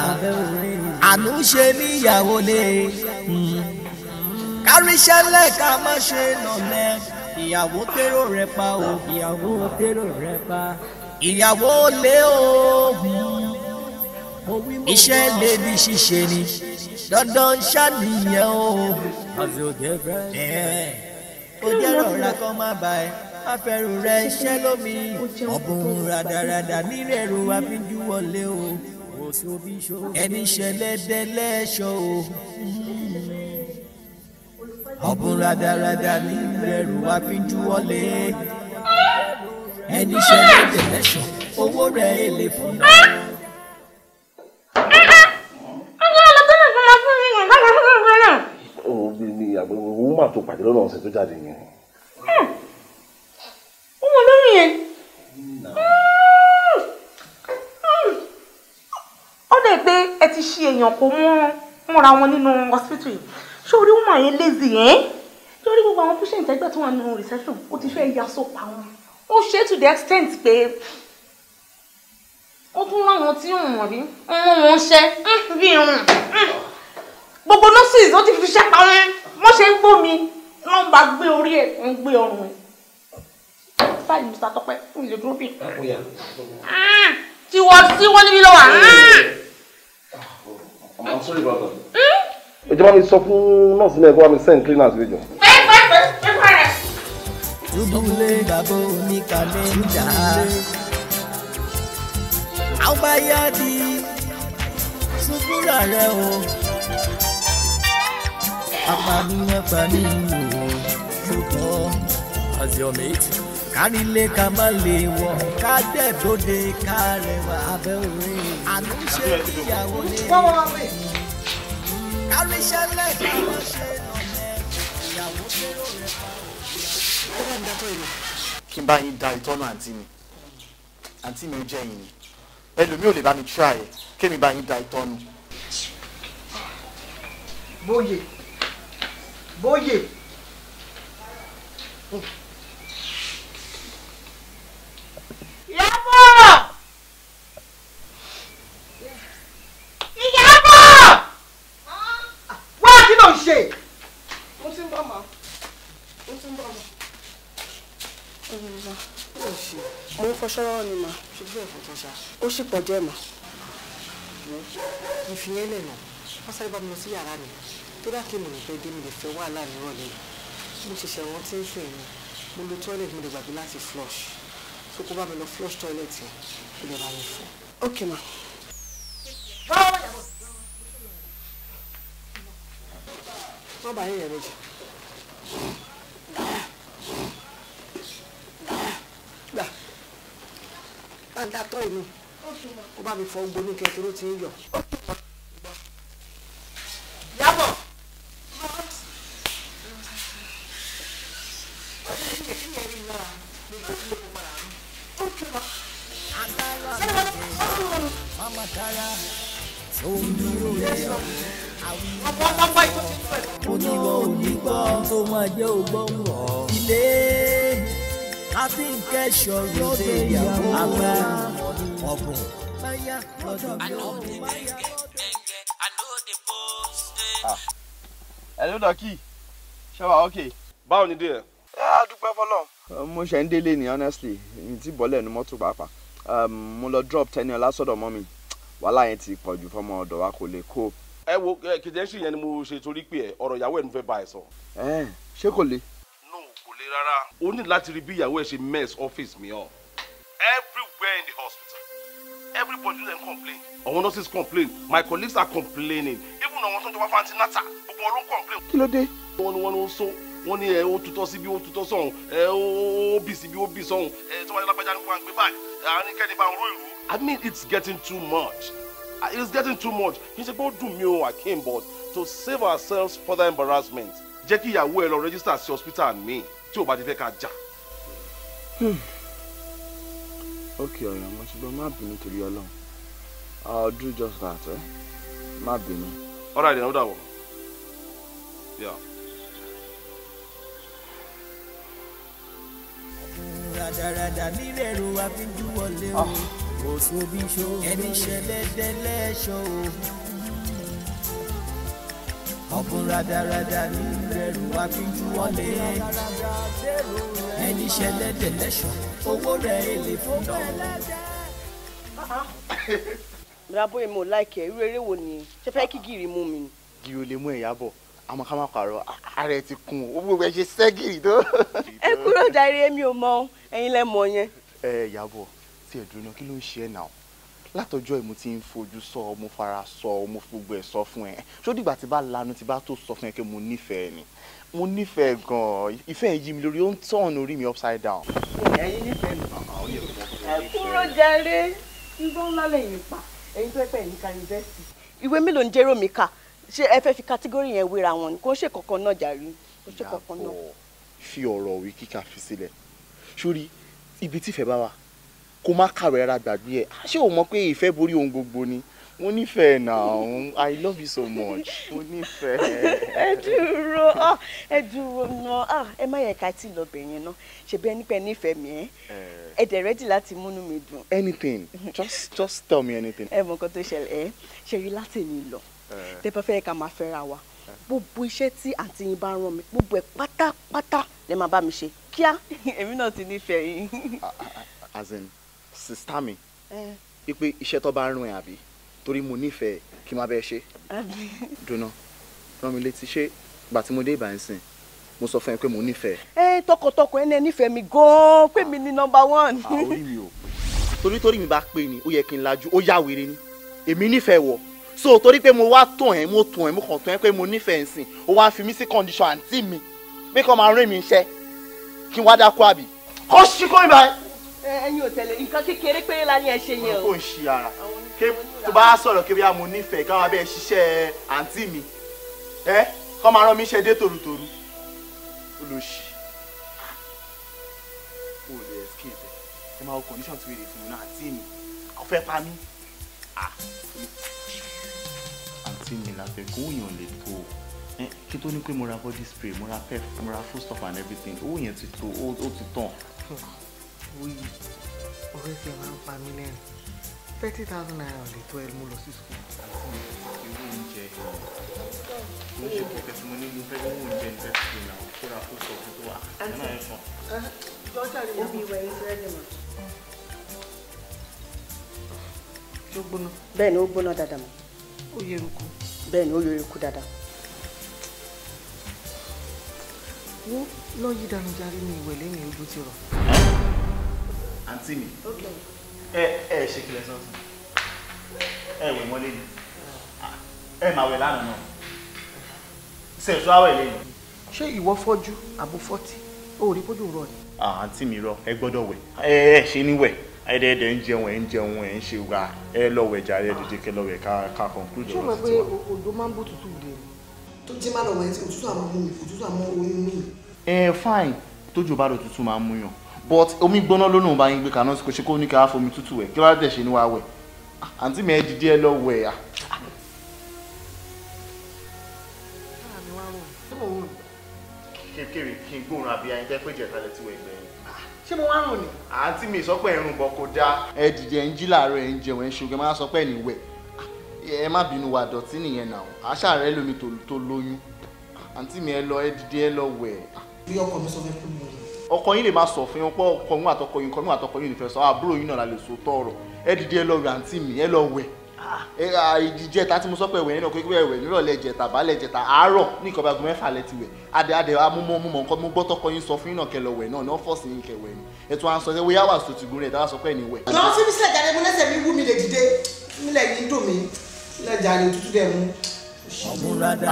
àánú ṣe níyàwó lé káríṣẹ́ lẹ̀ ká má ṣe lọ́lẹ̀ ìyàwó kérò rẹ pa o ìyàwó kérò rẹ pa ìyàwó lé o iṣẹ́ lè di ṣíṣe ni dandan ṣàníyàn o ẹ ó jẹ́ rọra kó má ba ẹ afẹ́rù rẹ̀ iṣẹ́ lómi ọ̀bùn ràdàràdà nírẹ̀rù àbíjú wọlé o ẹni ṣẹlẹ̀ dẹ́lẹ́ṣọ́ o hmm. ọ̀bùn ràdàràdà nírẹ̀rù àbíjú wọlé ẹni ṣẹlẹ̀ dẹ́lẹ́ṣọ́ owó rẹ̀ èlé fún náà. obìnrin àgbẹ̀wò wúmà tó pàdé lọ́nà ọ̀sẹ̀ tó jáde yẹn. èèyàn kó múra wọn nínú hospital yìí ṣé orí wọn yẹn lazy ẹ̀ eh? torí gbogbo àwọn patient ẹgbẹ́ tó wà nínú reception ó ti fẹ́ ya so pa wọn ó ṣe to the extent pé ó tún láwọn tí òun rí ọmọ wọn ṣe bí irun gbogbo nurses ó ti fi ṣe pa wọn wọn ṣe ń gbómi nọ́mbà gbé orí ẹ ń gbé ọrùn ẹ báyìí mr tọpẹ ń lè dúró bí. tí wọ́n tí wọ́n níbí lọ́wọ́. I'm sorry about that. ẹ jẹ́ bá mi sọ fún nọ́ọ̀sì náà kó bá mi send cleaners lẹ́jọ́. rúbúlé bàbá oníkàlẹ́ ń jà á àgbáyádì ṣubúra rẹ o apaniyanpani o ló bọ́. as your mate kárílé ká má lè wọ̀ ká dẹ̀ dóde ká rẹwà abẹ́ òwe àánú ṣe ìyàwó lè rí kárí ṣẹlẹ̀ ká má ṣe lọ́lẹ̀ ìyàwó kérò rẹ̀ pa òwe. kí n bá yín da ìtọ́nà àǹtí mi àǹtí mi ò jẹ́ yìí ni ẹlòmíì ò lè bá mi try ẹ̀ kémi bá yín da ìtọ́nà. bóyè bóyè. Ìyábọ̀! Ìyábọ̀! Wá kí ló ń ṣe? Mo ti ń bọ̀ mọ́. Mo ti ń bọ̀ mọ́. Mo ń fọṣọ lọ́wọ́ ni mà. Ṣé bí ẹ̀fọ́ tó ṣá? Ó sì pọ̀ díẹ̀ mà. Mo fi yẹn lẹ̀ nà. Wọ́n sáré bá mi lọ sí yàrá mi. Tó dá kí mi ò fẹ́ dé mi lè fẹ́ wàhálà nírọ̀lẹ́. Mo ṣẹ̀ṣẹ̀ rántí ń sìn ni. Mo lo toilet mo lè gbàgbé láti flush so kó bá mi lọ flush toilet yẹn kó lè bá mi ok ma. má bàa yẹn yẹn méjì. gbà gbà ń dá tọ́ ìlú kó bá mi fọ gbónú kẹ́kẹ́ ló ti ń yọ. lóde ìyàwó àgbà ọ̀bùn. Ah. hello dọ́kì ṣé wà ok báwo ni díẹ̀. ẹ á dúpẹ́ fọlọ́. Uh, mo ṣe ń délé ni honestly n ti bọ́ lẹ́nu mọ́tò pàápàá um, mo lọ drop tẹ́ni ọlá sọ́dọ̀ mọ́ mi wàhálà yẹn ti pọ̀jù fọmọ ọ̀dọ̀ wa kò lè kó. ẹ wo eh, kìdẹ́sì yẹn ni mo ṣe torí pé ọ̀rọ̀ ìyàwó ẹ̀ ń fẹ́ bá ẹ sọ. Eh, ṣé kò le le rárá. o ní láti rí bí ìyàwó ẹ ṣe mess office mi up. everywhere in the hospital everybody dey complain. àwọn nurses complain my colleagues are complaining even àwọn tó ń jọba fanti nata gbogbo wọn complain. kí ló dé. wọ́n ní wọ́n ní ó so wọ́n ní ẹ ó tutọ́ síbi ó tutọ́ sọ̀hún ẹ ó bì síbi ó bì sọ̀hún ẹ tí wọ́n ní lágbájá ní kó wá gbé báyìí àárín kẹ́ni bá ń ró ìlú. i mean it's getting too much it's getting too much kì í ṣe pé ó dùn mí o akim but to save ourselves further embarrassment jẹ́ kí ìyàwó ẹ lọ rẹ́gísítà sí hospital mi tí ò bá ti fẹ́ ká jà. Hmm. ok ọ̀rẹ́ ọmọ ṣùgbọ́n má bínú torí ọlọ́run i'll do just that ẹ eh? má bínú. all right then ó dàbọ̀. Yeah. rádaràdà nílẹ̀ ẹ̀rọ àfijúwọlé o òṣòbíṣó ah. ẹni ṣẹlẹ̀ dẹ́lẹ́ṣọ́ o ọ̀bùn radarada ní rẹrù wá fíjú wọlé ẹni ṣẹlẹ̀ dẹ̀lẹ́ṣọ̀ owó rẹ̀ èlé fún náà. Ìyábọ̀ èmi ò láìkẹ́ irú eré wo ni ṣe fẹ́ kí gìrì mú mi. Gìrì ò lè mú Ìyábọ̀ àmọ́ ká má pààrọ̀ ààrẹ ti kun ó gbogbo ẹ ṣe sẹ́gìrì tó. Ẹ kúrò jàre mi ò mọ ẹ̀yin lẹ mọ̀ yẹn. Ẹ Ìyábọ̀ tí ẹ dúró náà kí ló ń ṣe ẹ náà látọjọ́ ìmú ti ń fojú sọ mo fara sọ mo gbogbo ẹ̀ sọ fún ẹ ṣó dìgbà tí bá lanu tí bá tó sọ fún ẹ pé mo nífẹ̀ẹ́ ni mo nífẹ̀ẹ́ gan-an yí mi lórí ó ń tọ̀nù orí mi upside down. ẹ̀yin nífẹ̀ẹ́ mi ẹ kúrò jàre irọ́ ńlá lẹ́yìn pa ẹ̀yin tó pẹ́ ní kanivẹ́sì. ìwé mélòó ń jẹ́rọ mi kà ṣé ẹ fẹ́ fi kátígórì yẹn wéra wọn ni kò ń ṣe kankan náà jàre kò ń ṣe kankan náà. fi ọ̀rọ̀ òwe kíkà fi sílẹ̀ sórí kó má kàwé ara gbàgbé ẹ̀ ṣé o mọ̀ pé ìfẹ́ borí ohun gbogbo ni mo nífẹ̀ẹ́ náà i love you so much mo nífẹ̀ẹ́. ẹ dúró ẹ dúró náà ẹ má yẹ ká tí lọ bẹ̀yẹn náà ṣebí ẹni pé nífẹ̀ẹ́ mi ẹ ẹ dẹ̀ rẹ́dì láti múnú mi dùn. anything just just tell me anything. ẹ mọ̀ nǹkan tó ṣẹlẹ̀ ẹ ṣe rí láti èmi lọ tẹ bá fẹ́ ká máa fẹ́ra wa gbogbo iṣẹ́ tí àǹtí yín bá rán mi gbogbo ẹ̀ pátápátá lè máa bá mi ṣe kíá (laughs) èmi náà ti nífẹ̀ẹ́ yín. as in sista mi wípé iṣẹ́ tó bá rún ẹ̀ àbí torí mo nífẹ̀ẹ́ kí n má bẹ́ẹ̀ ṣe. dùnà rán mi létí ṣé ìgbà tí mo dé ìbà ń sìn mo sọ fún ẹ pé mo nífẹ̀ẹ́. ẹ tọkọtọkọ ẹni ẹ nífẹ̀ẹ́ mi gan-an pé mi ni nọmba one. torí torí mi bá pè ní ó yẹ kí n lajú ó yá wèrè ni èmi nífẹ̀ẹ́ wọ̀ so torí pé mo wá tàn ẹ́ mo tàn ẹ́ mo kàn tàn ẹ́ pé mo nífẹ̀ẹ́ ń sìn ó wá fi mí sí condition àǹtí mi pé kọ́ máa rìn mí iṣẹ́ kí n wá dákú àbí kọ́ ṣí ìbáyìí. Eh, ẹ̀yin ò tẹ̀lé nǹkan kékeré péré la ní ẹ ṣe yẹn o. kò ń ṣe ara tó bá sọ̀rọ̀ kébí àmọ́ nífẹ̀ẹ́ káwọn abẹ́ ṣiṣẹ́ àǹtí mi ẹ kọ́ máa rán mi ṣe dé tòrutòru olóṣì o lè escape ẹ máa wọ condition tí wèrè fún mi náà àǹtí mi kò fẹ́ pa mí. àǹtí mi la fẹ́ kó yàn lè tó o kí tó ní pé mo ra body spray mo ra pep mo ra foodstuff and everything owó yẹn ti tó ó ti tàn. We ọ̀rẹ́ tiẹ̀ máa ń pa thirty thousand naira ò lè tó ẹ mú lọ sí sùkúl. irú oúnjẹ oúnjẹ pẹ̀pẹ̀ tí mo ní mo fẹ́ ní oúnjẹ ní fẹ́ẹ́ fi nà kóra kó sọ fún tó wà ẹ̀ náà ẹ̀ sàn. jọ́jà ni mo bí ìwà ìfẹ́ ni gbóná. bẹ́ẹ̀ ni ó gbóná dáadáa mọ́. ó yẹ eruku. ni ó yí dànù jáde ní ìwẹ̀lẹ́ ní ojú ti rọ̀ àǹtí me. ẹ ẹ ṣe kílẹ̀ sọ́ọ̀tún ẹ wẹ̀ wọlé ni ẹ máa wẹ̀ lánàá náà ṣe èso àwẹ̀ lẹ́yìn. ṣé ìwọ fọ́jú àbò fọ́tì o ò rí kójú rọ ni. àǹtí mi rọ ẹ gbọ́dọ̀ wẹ̀ ẹ ẹ ṣe ní wẹ̀ ẹ̀ẹ́dẹ̀ẹ̀dẹ̀ ń jẹun ẹ̀ ń jẹun ẹ̀ ń ṣe wa ẹ lọ́wọ́ ẹja ẹ dìde kẹ lọ́wọ́ ẹ ká ká conclude. ṣé o mọ̀ pé odò máa ń bó tutù dé ni. tó ti máa lọ wẹ̀ To do òtútù àmọ́ òtútù àmọ́ oyún fine tójú bá lọ to máa ń múyàn but omi gbóná lónà bá yín gbé kaná kò ṣe kó ní ká fomi tútù wẹ̀ kí wọ́n á dẹ̀ ṣe ní wàá wẹ̀ ah, àǹtí mi ẹ dìde ẹ lọ wẹ̀ à. Ah. kékeré kí n gbóhùn àbí ayé jẹ́ pé ìjẹta lẹ ti wẹ̀ gbẹ̀yìn. ṣé mo wá rùn ni. àǹtí mi sọ pé ẹ̀rùn bọ̀ kò dáa. ẹ dìde ẹ ń jí làárọ̀ ẹ ń jẹun ẹ ń ṣoge má sọ pé ẹ ní wẹ̀ ah, ẹ má bínú wa dọ̀tí nìyẹn náà àṣà rẹ lómi tó lóyún àǹtí mi ẹ lọ ẹ dìde ẹ lọ wẹ̀. bí ọkọ mi sọ fẹ́ fún mi ọkọ yín lè máa sọ fún yín pé ọkọ yín àtọkọ yín kọmí àtọkọ yín nìfẹ́ sọ àbúrò ah, yín náà la lè so tọrọ ẹ dìde ẹ lọ wẹ àǹtí mi ẹ lọ wẹ ah. ìdíjẹ tá tí mo sọ pé ẹwẹ nínú kókó ẹwẹ nírọ̀lẹ́ jẹta bàálẹ̀ jẹta àárọ̀ ní ìkọba agun mẹ́fà lẹ ti wẹ adẹ adẹ amúmọ múmọ nǹkan mú bọ tọkọ yín sọ fún yín náà kẹlọ wẹ náà náà fọsí yín kẹwẹ ni ètò à ń sọ ẹ wíyá wà sọ tìgún rẹ tá a sọ pé ẹni wẹ. lọ sí bí sílẹ̀ jáde mo lẹ́sẹ̀ mi wú mi lè dìde nílẹ̀ yìí dùn mí nílẹ̀ jáde òtútù dẹ̀ mú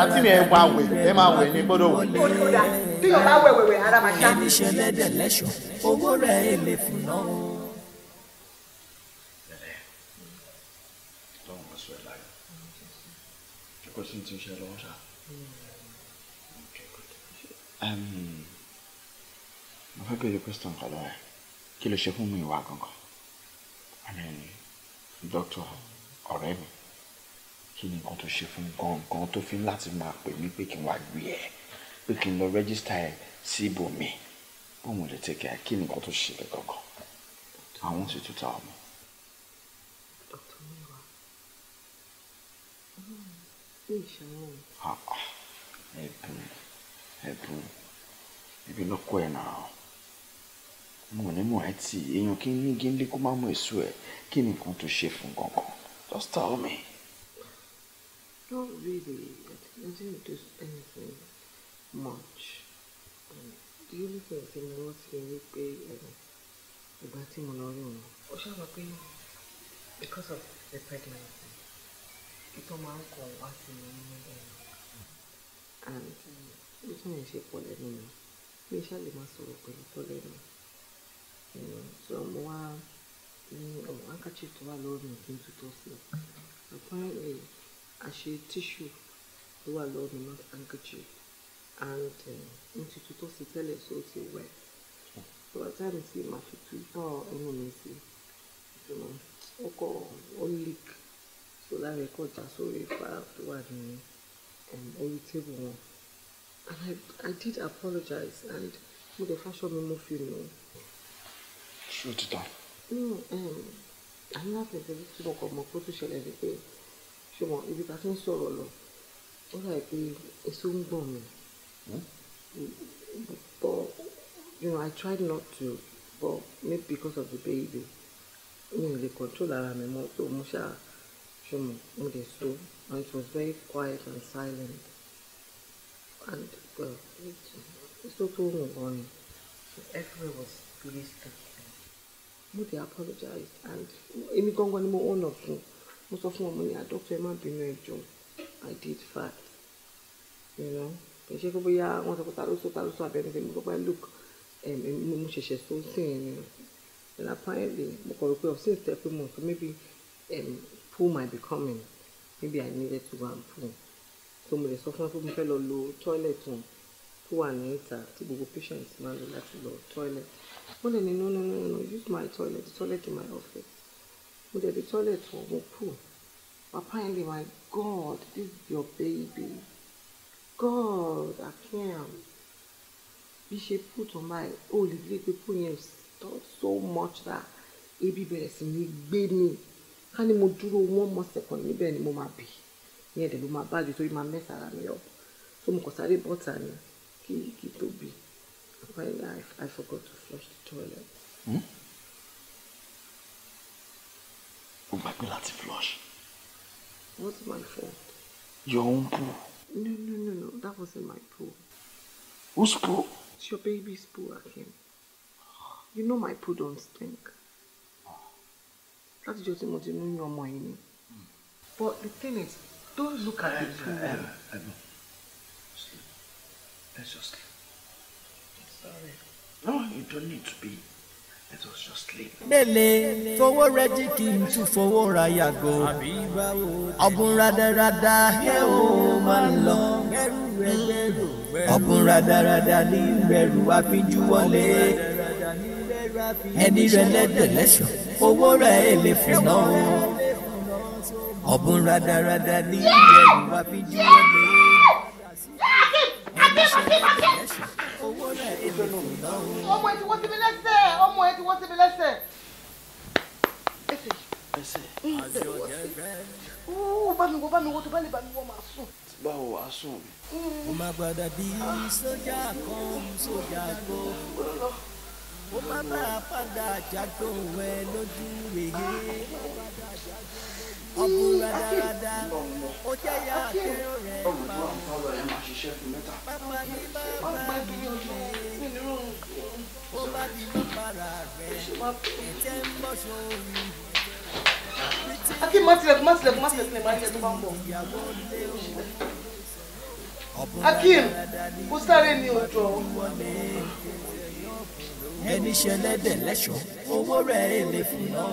àti mi ẹ wá wẹ̀ ẹ máa wẹ̀ ní gbọ́dọ̀ wẹ̀. bí yóò bá wẹ̀ wẹ̀wẹ̀ ara máa ṣá. ẹni iṣẹ́ lẹ́dẹ̀ lẹ́ṣọ̀ owó rẹ̀ èlé fún náà. mo fẹ́ bèrè question kan lọ́wọ́ kí ló ṣe fún mi ìwà gangan dókítà ọ̀rẹ́ mi kí ni nǹkan tó ṣe fún gangan tó fi ń láti máa pè mí pé kí n wá gbé ẹ pé kí n lọ rẹ́gísítà ẹ sí ibòmí bó mo lè tẹ̀kẹ́ ẹ kí ni nǹkan tó ṣe lẹ gangan àwọn sì tún ta ọmọ. ẹ̀bùn ẹ̀bùn ẹ̀bùn lọ́kọ̀ ẹ̀ náà mo ní mọ̀ ẹ́ tì èèyàn kí n ní gíńdé kó má mọ̀ èso ẹ̀ kí ni nǹkan tó ṣe fún gangan just tell me not really, but I didn't do anything much. Um, the only thing I mo rántí ni wípé ìgbà tí mo lọ rí wọn. ó ṣàmọ̀ pé because of the pregnancy ìtọ́ máa my kọ̀ wá sí mi and bí tí mo ṣe pọ̀ lẹ́nu mi mi ṣáà lè máa sọ̀rọ̀ um, so mo wá ní ọmọ um, handkerchief tó wà lórí mi kí n tutọ́ sí apparently àṣẹ tíṣù tó wà lọ́wọ́ mi not handkerchief and mo ti tutọ́ sí tẹ́lẹ̀ so ó ti wẹ̀ tó wá táìmù tí màá fi tutọ́ ẹnu mi sí ó kọ ó leak so lára ẹ̀kọ́ jà sórí fáà tó wà ní um, orí tébù wọn and I, I did apologize and mo dẹ̀ fáṣọ mi mo fi nù. ṣé o ti tán. àyìnlá tẹ̀sẹ̀ tó mọ̀kọ́ mọ̀ kó tó ṣẹlẹ̀ ni pé. ṣùgbọ́n ibi tá a ti ń sọ̀rọ̀ lọ ó dà pé èso ń gbọ̀n mi hmm? but you know I tried not to but maybe because of the baby mi ò lè control ara mi mọ́ tó mo ṣáà ṣùgbọ́n mo dẹ̀ so and it was very quiet and silent and well èso tó ń wọ̀ ni so everywhere was really stuck mo dey apologize and èmi gangan ni mo own up fún mo sọ fún ọmọ ní àdókòtò ẹ má bínú ẹ jọ i did fat you know kì í ṣe kó bóyá wọn sọ pé ta ló sọ ta ló sọ abẹ́ni tèmi gbọ́dọ̀ look ni mo ṣẹ̀ṣẹ̀ tó ń sìn ni and apparently mo kọ̀ rò pé ọ̀sìn tẹ́ pé mo so maybe um, pool might be coming maybe i needed to go and pool so mo lè sọ fún ẹ pé mo fẹ́ lọ lo toilet wọn tó wà ní ìta tí gbogbo patient máa ń lò láti lọ toilet wọ́n lè ní no no no no use my toilet the toilet in my office mo dẹ̀ dé toilet wọn mo pù apparently my god this is your baby god I can't. ṣe pù tó máa ò lè lè pé pù yẹn so much that ebi bẹ̀rẹ̀ sí ní me. mi ká ní mo one more second Maybe ni mo máa Yeah, ní ẹ̀dẹ̀ ló máa bá ju torí máa mẹ́ta ara up so I'm going to bọ́ta ni kí kí tó apparently I, forgot to flush the toilet. Hmm? o gbàgbé láti flush. What's my fault? Your own poo. No, no, no, no, that wasn't my poo. Whose poo? It's your baby's poo, Akin. You know my poo don't stink. That's just tí mo ti ní yín But the thing is, don't look at the poo. Ẹ ẹ bọ̀, sleep. Let's just sleep. Sorry. No, you don't need to be. Let us just sleep. Bẹ́lẹ̀ fowó rẹ́jí kì í tún fowó ra yàgò. Ọ̀bùn radarada yẹ ó máa lọ. Ọ̀bùn radarada ní ìbẹ̀rù àfijú wọlé. Ẹni rẹ̀ lẹ́dẹ̀ lẹ́sọ̀, owó rẹ̀ èlé fúnná o. Ọ̀bùn radarada ní ìbẹ̀rù àfijú wọlé. Ẹni rẹ̀ ọmọ ẹ ti wọ́ síbi lẹ́sẹ̀ ọmọ ẹ ti wọ́ síbi lẹ́sẹ̀. ó bá mi wọ bá mi wọ tó bá lè bá mi wọ màá sùn. báwo a sùn mi. mo máa gbọ́dọ̀ bí sójà kan sójà gbọ́ mo máa bá a padà jágbó ẹ lójú rèé. Akim, rádaràda ó jẹ́ yá àtẹ́rò rẹ̀ pa pápá ní bàbá rẹ̀ ó bá di bàbá rẹ̀ ètè ń bọ̀ sórí. Akin má tilẹ̀kùn má tilẹ̀kùn má tilẹ̀kùn má tilẹ̀kùn bá ń bọ̀. Akin kò sáré ní ojú ọ̀ ẹni ṣẹlẹ́dẹ̀ lẹ́ṣọ̀ọ́ owó rẹ̀ èlé fún náà.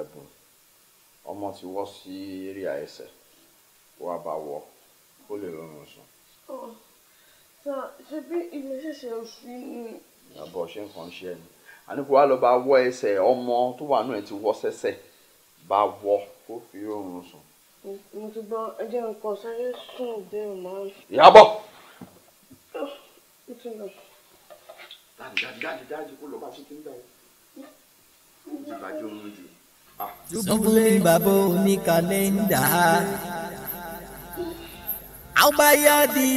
ẹ̀bùn ọmọ ti wọ́ sí eré àẹsẹ̀ wàá bá wọ ó lè rọrùn sùn. sọ ṣe bí ilé ṣẹṣẹ oṣù ni. àbọ̀ ṣé nǹkan ṣe ẹni àníkù wa lọ bá wọ ẹsẹ̀ ọmọ tó wà náà ti wọ́ sẹ́sẹ̀ bá wọ kó fi rọrùn sùn. mo ti gbọ́ ẹjẹ́ nǹkan sáré sùn bẹ́ẹ̀ máa ń. ìyàbọ̀. ó ti lọ. dáadáa dáadáa dáadáa kó lọ bá ṣe kí n dà wọ́n. ó ti bàjẹ́ òun jù. Dúbúlé bàbá oní kàlẹ́ndà. Àbáyádì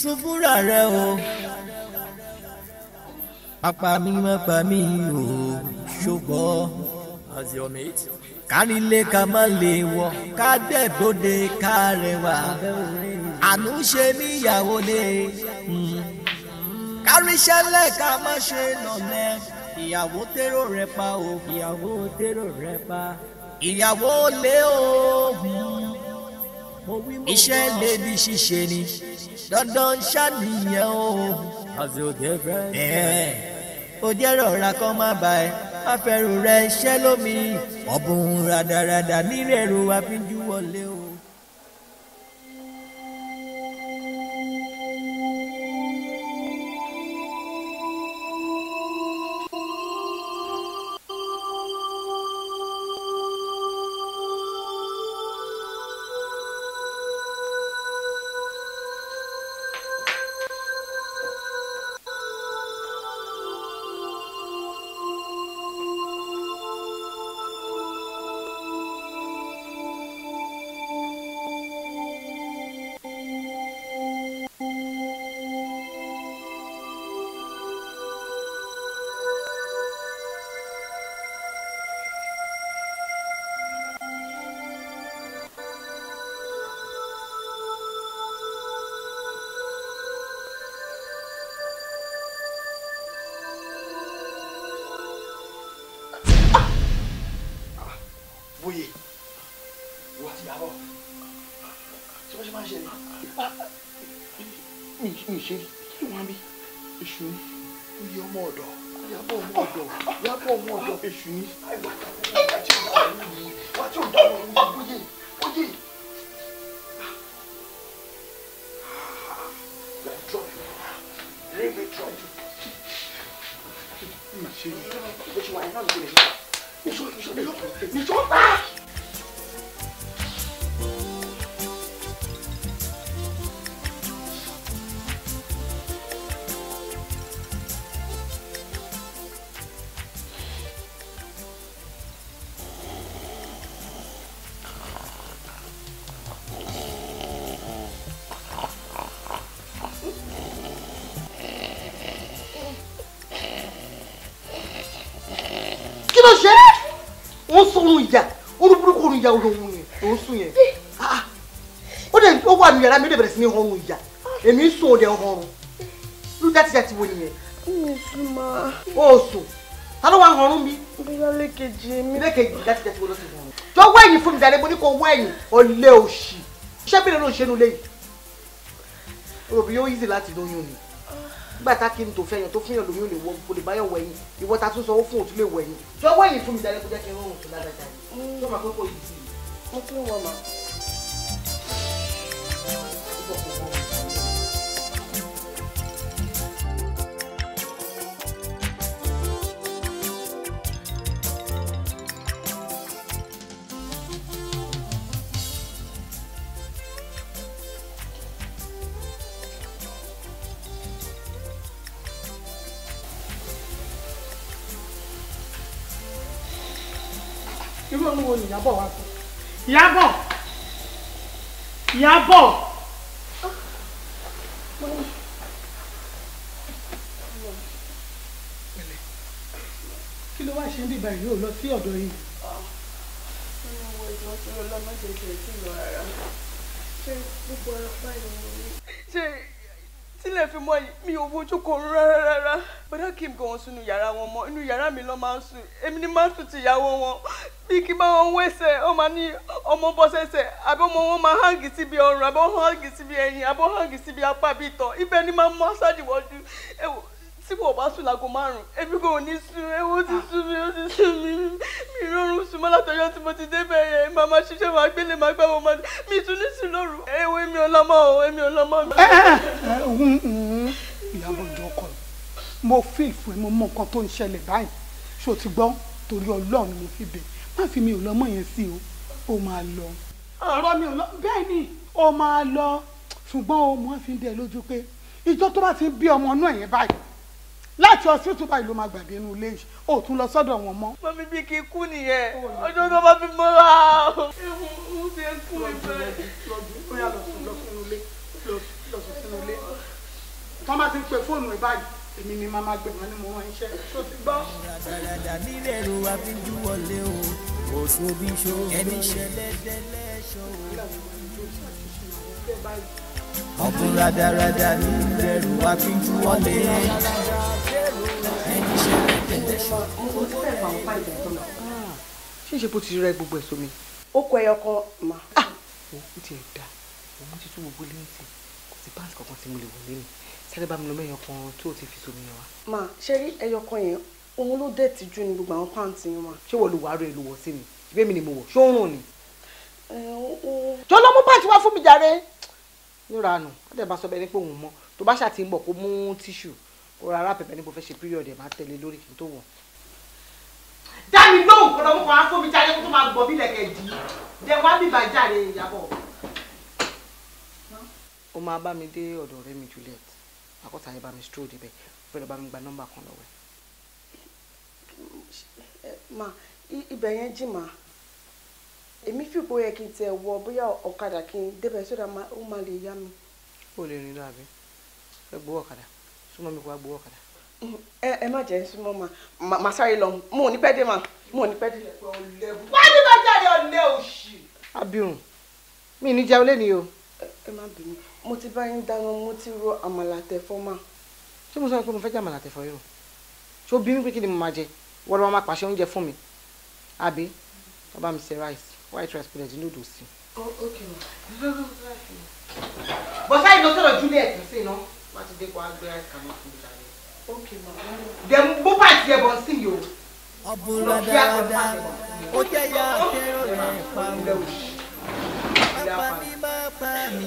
sùfúrà rẹ o. Pápá mi má pa mí o, ṣùgbọ́n. Kárílé ká má lè wọ̀, ká dẹ̀gbóde ká rẹwà. Àánú ṣe níyàwó lé. Káríṣẹ́lẹ̀ ká má ṣe lọ́lẹ́ ìyàwó tèrò rẹ pa o. ìyàwó tèrò rẹ pa. ìyàwó lé o. iṣẹ́ lè di ṣíṣe ni dandan ṣàníyàn o. àti òde fẹ́. ẹ̀ẹ́ òde rọra kan má ba ẹ afẹ́rù rẹ ṣẹ́ lómi ọ̀bùn rádaràdà nírẹ̀rù àfínjú wọlé o. ṣe rí kí ló wá rí èṣù ni ó yẹ ọmọ ọ̀dọ̀ yàbọ̀ ọmọ ọ̀dọ̀ yàbọ̀ ọmọ ọ̀dọ̀ èṣù ni. ṣe wọ́n sọ̀rọ̀ ìyá olúburúkú òun ìyá olóhùn ni òun sùn yẹn ah, ah. ó dẹ̀ ó wà ní yàrá mi ó dẹ̀ bẹ̀rẹ̀ sí ní ọrùn ìyá èmi sùn ó dẹ̀ ọrùn ló jàtijàti wo nìyẹn. mi sùn máa. ó sùn ta ló wà ọrùn mi. bóyá lẹ́kẹ̀jì mi. lẹ́kẹ̀jì jàtijàti wo ló sì sùn. jọ wọ ẹ̀yìn fún mi dàdé mo ní kó wọ ẹ̀yìn ọlẹ́ òṣì iṣẹ́ bí lè ló ń ṣe nulẹ̀ yìí. òbí yóò yí nígbà tá kí n tó fẹ́ yẹn tó fún yàn lómi ò lè wọ kò lè báyọ̀ wẹ̀yìn ìwọ ta tún sanwó fún òtún lè wẹ̀yìn jọ wẹ̀yìn fún mi dáadáa kó jẹ́ kí n rọrùn fún dáadáa tó máa pẹ́ yìí sí i. mo tún wọ̀ máa. irú òun wo nìyàbọ̀ wá sí ìyàbọ̀ ìyàbọ̀. kí ló wá ṣe ń bíbá ìlú ò lọ sí ọ̀dọ̀ yìí. nínú wo ìtàn tí ó lọ́nà jẹjẹ sí lọ rárá ṣé gbogbo ọ̀rọ̀ báyìí ni mo rí. ṣé tílẹ̀ fi mọ́ mi ò wojú kò rú rárá rárá bọ́dá kí n gan wọn sínú yàrá wọn mọ́ inú yàrá mi lọ́ máa ń sùn èmi ni máa ń sùn ti wọn bí kí bá wọn wẹsẹ̀ ọ ní ọmọ bọ́sẹ̀sẹ̀ àbí ọmọ wọn máa hàngì síbi ọrùn àbí hàngì síbi ẹ̀yìn àbí hàngì síbi apá àbí ìtọ̀ ibẹ̀ ni máa ń mọ́ ṣáàdìwọ́jú ẹ̀wò tí mo sùn láago márùn ebi kò ní sùn ewu ti sùn mi ó ti sùn mi mi rọrùn sùn mọ́ látọjọ́ tí mo ti débẹ̀ yẹn màá máa ṣiṣẹ́ máa gbélé máa gbàgbọ́ máa ní mi tún ní sùn lóru ewu èmi ọlọ́mọ o èmi ọlọ́mọ mi. ìyàbọ̀ ìjọ ọkọ rẹ̀ mo fi ìfún ẹ mo mọ nǹkan tó ń ṣẹlẹ̀ báyìí ṣó ti gbọ́ torí ọlọ́run mo fi bẹ̀ẹ́ má fi mi ò lọ́mọ yẹn sí o ó máa lọ ọ̀rọ̀ mi ò lọ bẹ́ẹ̀ ni ó máa lọ ṣùgbọ́n o mọ̀ fi ń dẹ lójú pé ìjọ tó bá ti bí ọmọ inú ẹ̀yìn báyìí láti ọsítù báyìí ló máa gbàgbé inú ilé yìí ó tún lọ sọ́dọ̀ wọn mọ́. mo fi bí kí kú nìyẹn ọjọ́ tó bá fi mọ́ra ó ṣe kú ìfẹ́. lọ ti ń pe fóònù ẹ̀ báyìí èmi ni màmá gbẹ̀mọ́ ni mo wọ́n iṣẹ́ tó ti gbọ́. ràdàràdà nílẹ̀ ro àfíjú wọlé o kò sóbi ṣòro ẹni ṣẹlẹ̀ dẹ́lẹ̀ ṣòro. ọkùn ràdàràdà nílẹ̀ ro àfíjú wọlé ẹni ṣẹlẹ̀ dẹ́lẹ̀ ṣòro. owó tí ẹ̀ fà ń pa ìjà tó lọ. ṣé ìṣepò ti rẹ gbogbo ẹ̀ sómi. ó kọ ẹyọ kọ mà. Ah! ó ti ẹ̀ dá òun ti tún gbogbo lẹ́yìn tí kò sí báńkì kankan tí mo lè wọlé ni sáré bá mi lọ mẹ́yọ̀ kan tó o ti fi tòmí wa. mà ṣe rí ẹyọ kan yẹn òun ló dé tìjú ni gbogbo àwọn pàǹtí yẹn wa. ṣé wọ́n lo wàá rẹ̀ ló wọ̀ sí mi ṣùgbọ́n èmi ni mo wọ̀ ṣó ń rùn ni. jọ lọ mú pàǹtí wá fún mi jàre. nira nù ó dẹ̀ bá sọ bẹ́ẹ̀ ni pé òun mọ tó bá ṣàtì ń bọ̀ kó mú tíṣù kó ra ara pẹ̀pẹ̀ ní mo fẹ́ ṣe píríọ̀dù ẹ̀ máa tẹ̀lé lórí kí n tó wọ̀. dá mi lóhùn kọ́ lọ́mú kan á fún mi jáde kó tó máa gbọ́ bí lẹ̀kẹ̀ dì í dẹ̀ wá bíbá jáde ìyàbọ̀. ó máa bá mi dé ọ̀dọ̀ ọ̀rẹ́ mi Juliet àkọ́tà yẹn bá mi stroll débẹ̀ fẹ́rẹ̀ bá mi gba nọ́mbà kan lọ́wọ́ ẹ̀. ma ibẹ̀ yẹn jì má èmi fìpò yẹ kí n tẹ wọ bóyá ọ̀kadà kí n débẹ̀ sódà ó má lè yá mi. ó lè rìn láàbí ẹ gbowó ọ̀kadà súnmọ́ mi kó wá gbowó ọ̀kadà. ẹ ẹ má jẹ́ súnmọ́ ma ma sáré lọ mo ò ní pẹ́ dé ma mo ò ní pẹ́ dé. wá ní bá jáde ọ̀lẹ́ òṣì. abirùn mi ní jáwé lẹ́nu yìí o. ẹ má bínú mo ti bá yín dáná mo ti ro àmàlà àtẹ̀fọ́ mà. ṣé mo sọ pé mo fẹ́ jẹ àmàlà àtẹ̀fọ́ yìí o ṣé o bí mi pé kí ni mo máa jẹ wọ́n lọ́wọ́ máa pàṣẹ oúnjẹ fún mi àbí wọ́n bá mi ṣe rice white rice pẹ̀lẹ́ ní òdò sí. Oh, bọ́sá yìí ló sọ̀rọ̀ Juliet sí iná wọ́n ti dé kó agbé rice kan ní ìlú ìlànà. dem bó pàṣẹ ẹ̀ bọ̀ sí yìí o. ọ̀bùn dáadáa ó jẹ́ yá àtẹ̀rọ̀ rẹ̀ pàmò bá mi má bá mi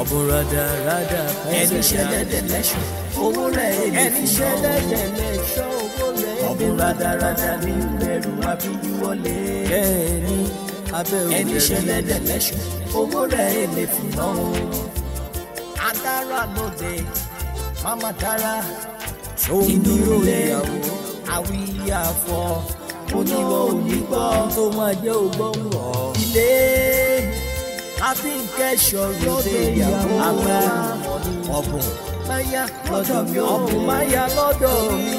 ọ̀bùn radarada ẹni ṣẹlẹ̀dẹ̀ lẹ́ṣọ̀ owó rẹ̀ èmi fún ọ ọ̀bùn radarada ní ìbẹ̀rù abíjú wọlé ẹni abẹ́ òbẹ̀rù ẹni ṣẹlẹ̀dẹ̀ lẹ́ṣọ̀ owó rẹ̀ èmi fún ọ. adára lóde mama dára sóhun ìdúró ìyàwó àwíyá fọ́ mo ní wọn ò ní gbọ́ tó máa jẹ́ ògbọ́n wọ̀. ilé àti nkẹ́sọ̀ lóde ìyàwó àgbà ọ̀bùn lọ́dọ̀ mi ọ̀bùn máa yá lọ́dọ̀ mi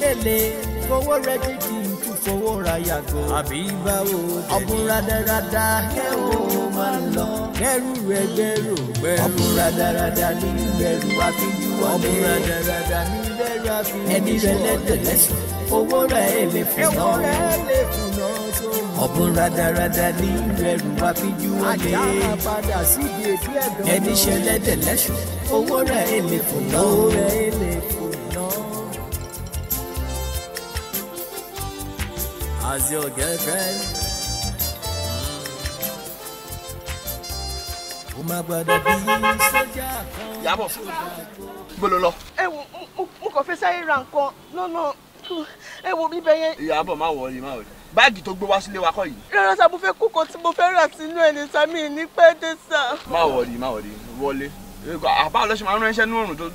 lélẹ̀ fowó rẹ kìkì tún fowó ra yàgò àbí báwo ọ̀bùn rádaràda kẹ́ ò máa lọ kẹrù rẹ gbẹrù gbẹrù. ọ̀bùn radarada ní bẹ̀rù àfijù wọlé. ọ̀bùn radarada ní bẹ̀rù àfijù wọlé. ẹni rẹ lẹ́dẹ̀ lẹ́sùn owó rẹ̀ èlé fún náà. ẹ̀wọ̀n rẹ̀ èlé fún náà tó mọ̀. radarada ní bẹ̀rù àfijù wọlé. àjà padà síbi ètò ẹ̀dọ́. ẹni ṣe lẹ́dẹ̀ lẹ́sùn owó rẹ̀ èlé fún náà. owó rẹ̀ èlé fún náà. As your girlfriend. má gbọ́dọ̀ bí sójà kan. yàbọ̀ gbọ́dọ̀ lọ. ẹ wo mo kàn fẹ́ sáré ra nǹkan lọ́nà ẹ wo bíbẹ yẹn. ìyàbọ̀ má wọrí má wọrí báàgì tó gbé wá sílé wa kọ́ yìí. rárá sá mo fẹ́ kókó tí mo fẹ́ rà sínú ẹ̀ ní sami ní pẹ́ẹ́dẹ́sà. má wọrí má wọrí wọlé àbá ọlọ́sìn máa ń ránṣẹ́ ní òrùn tó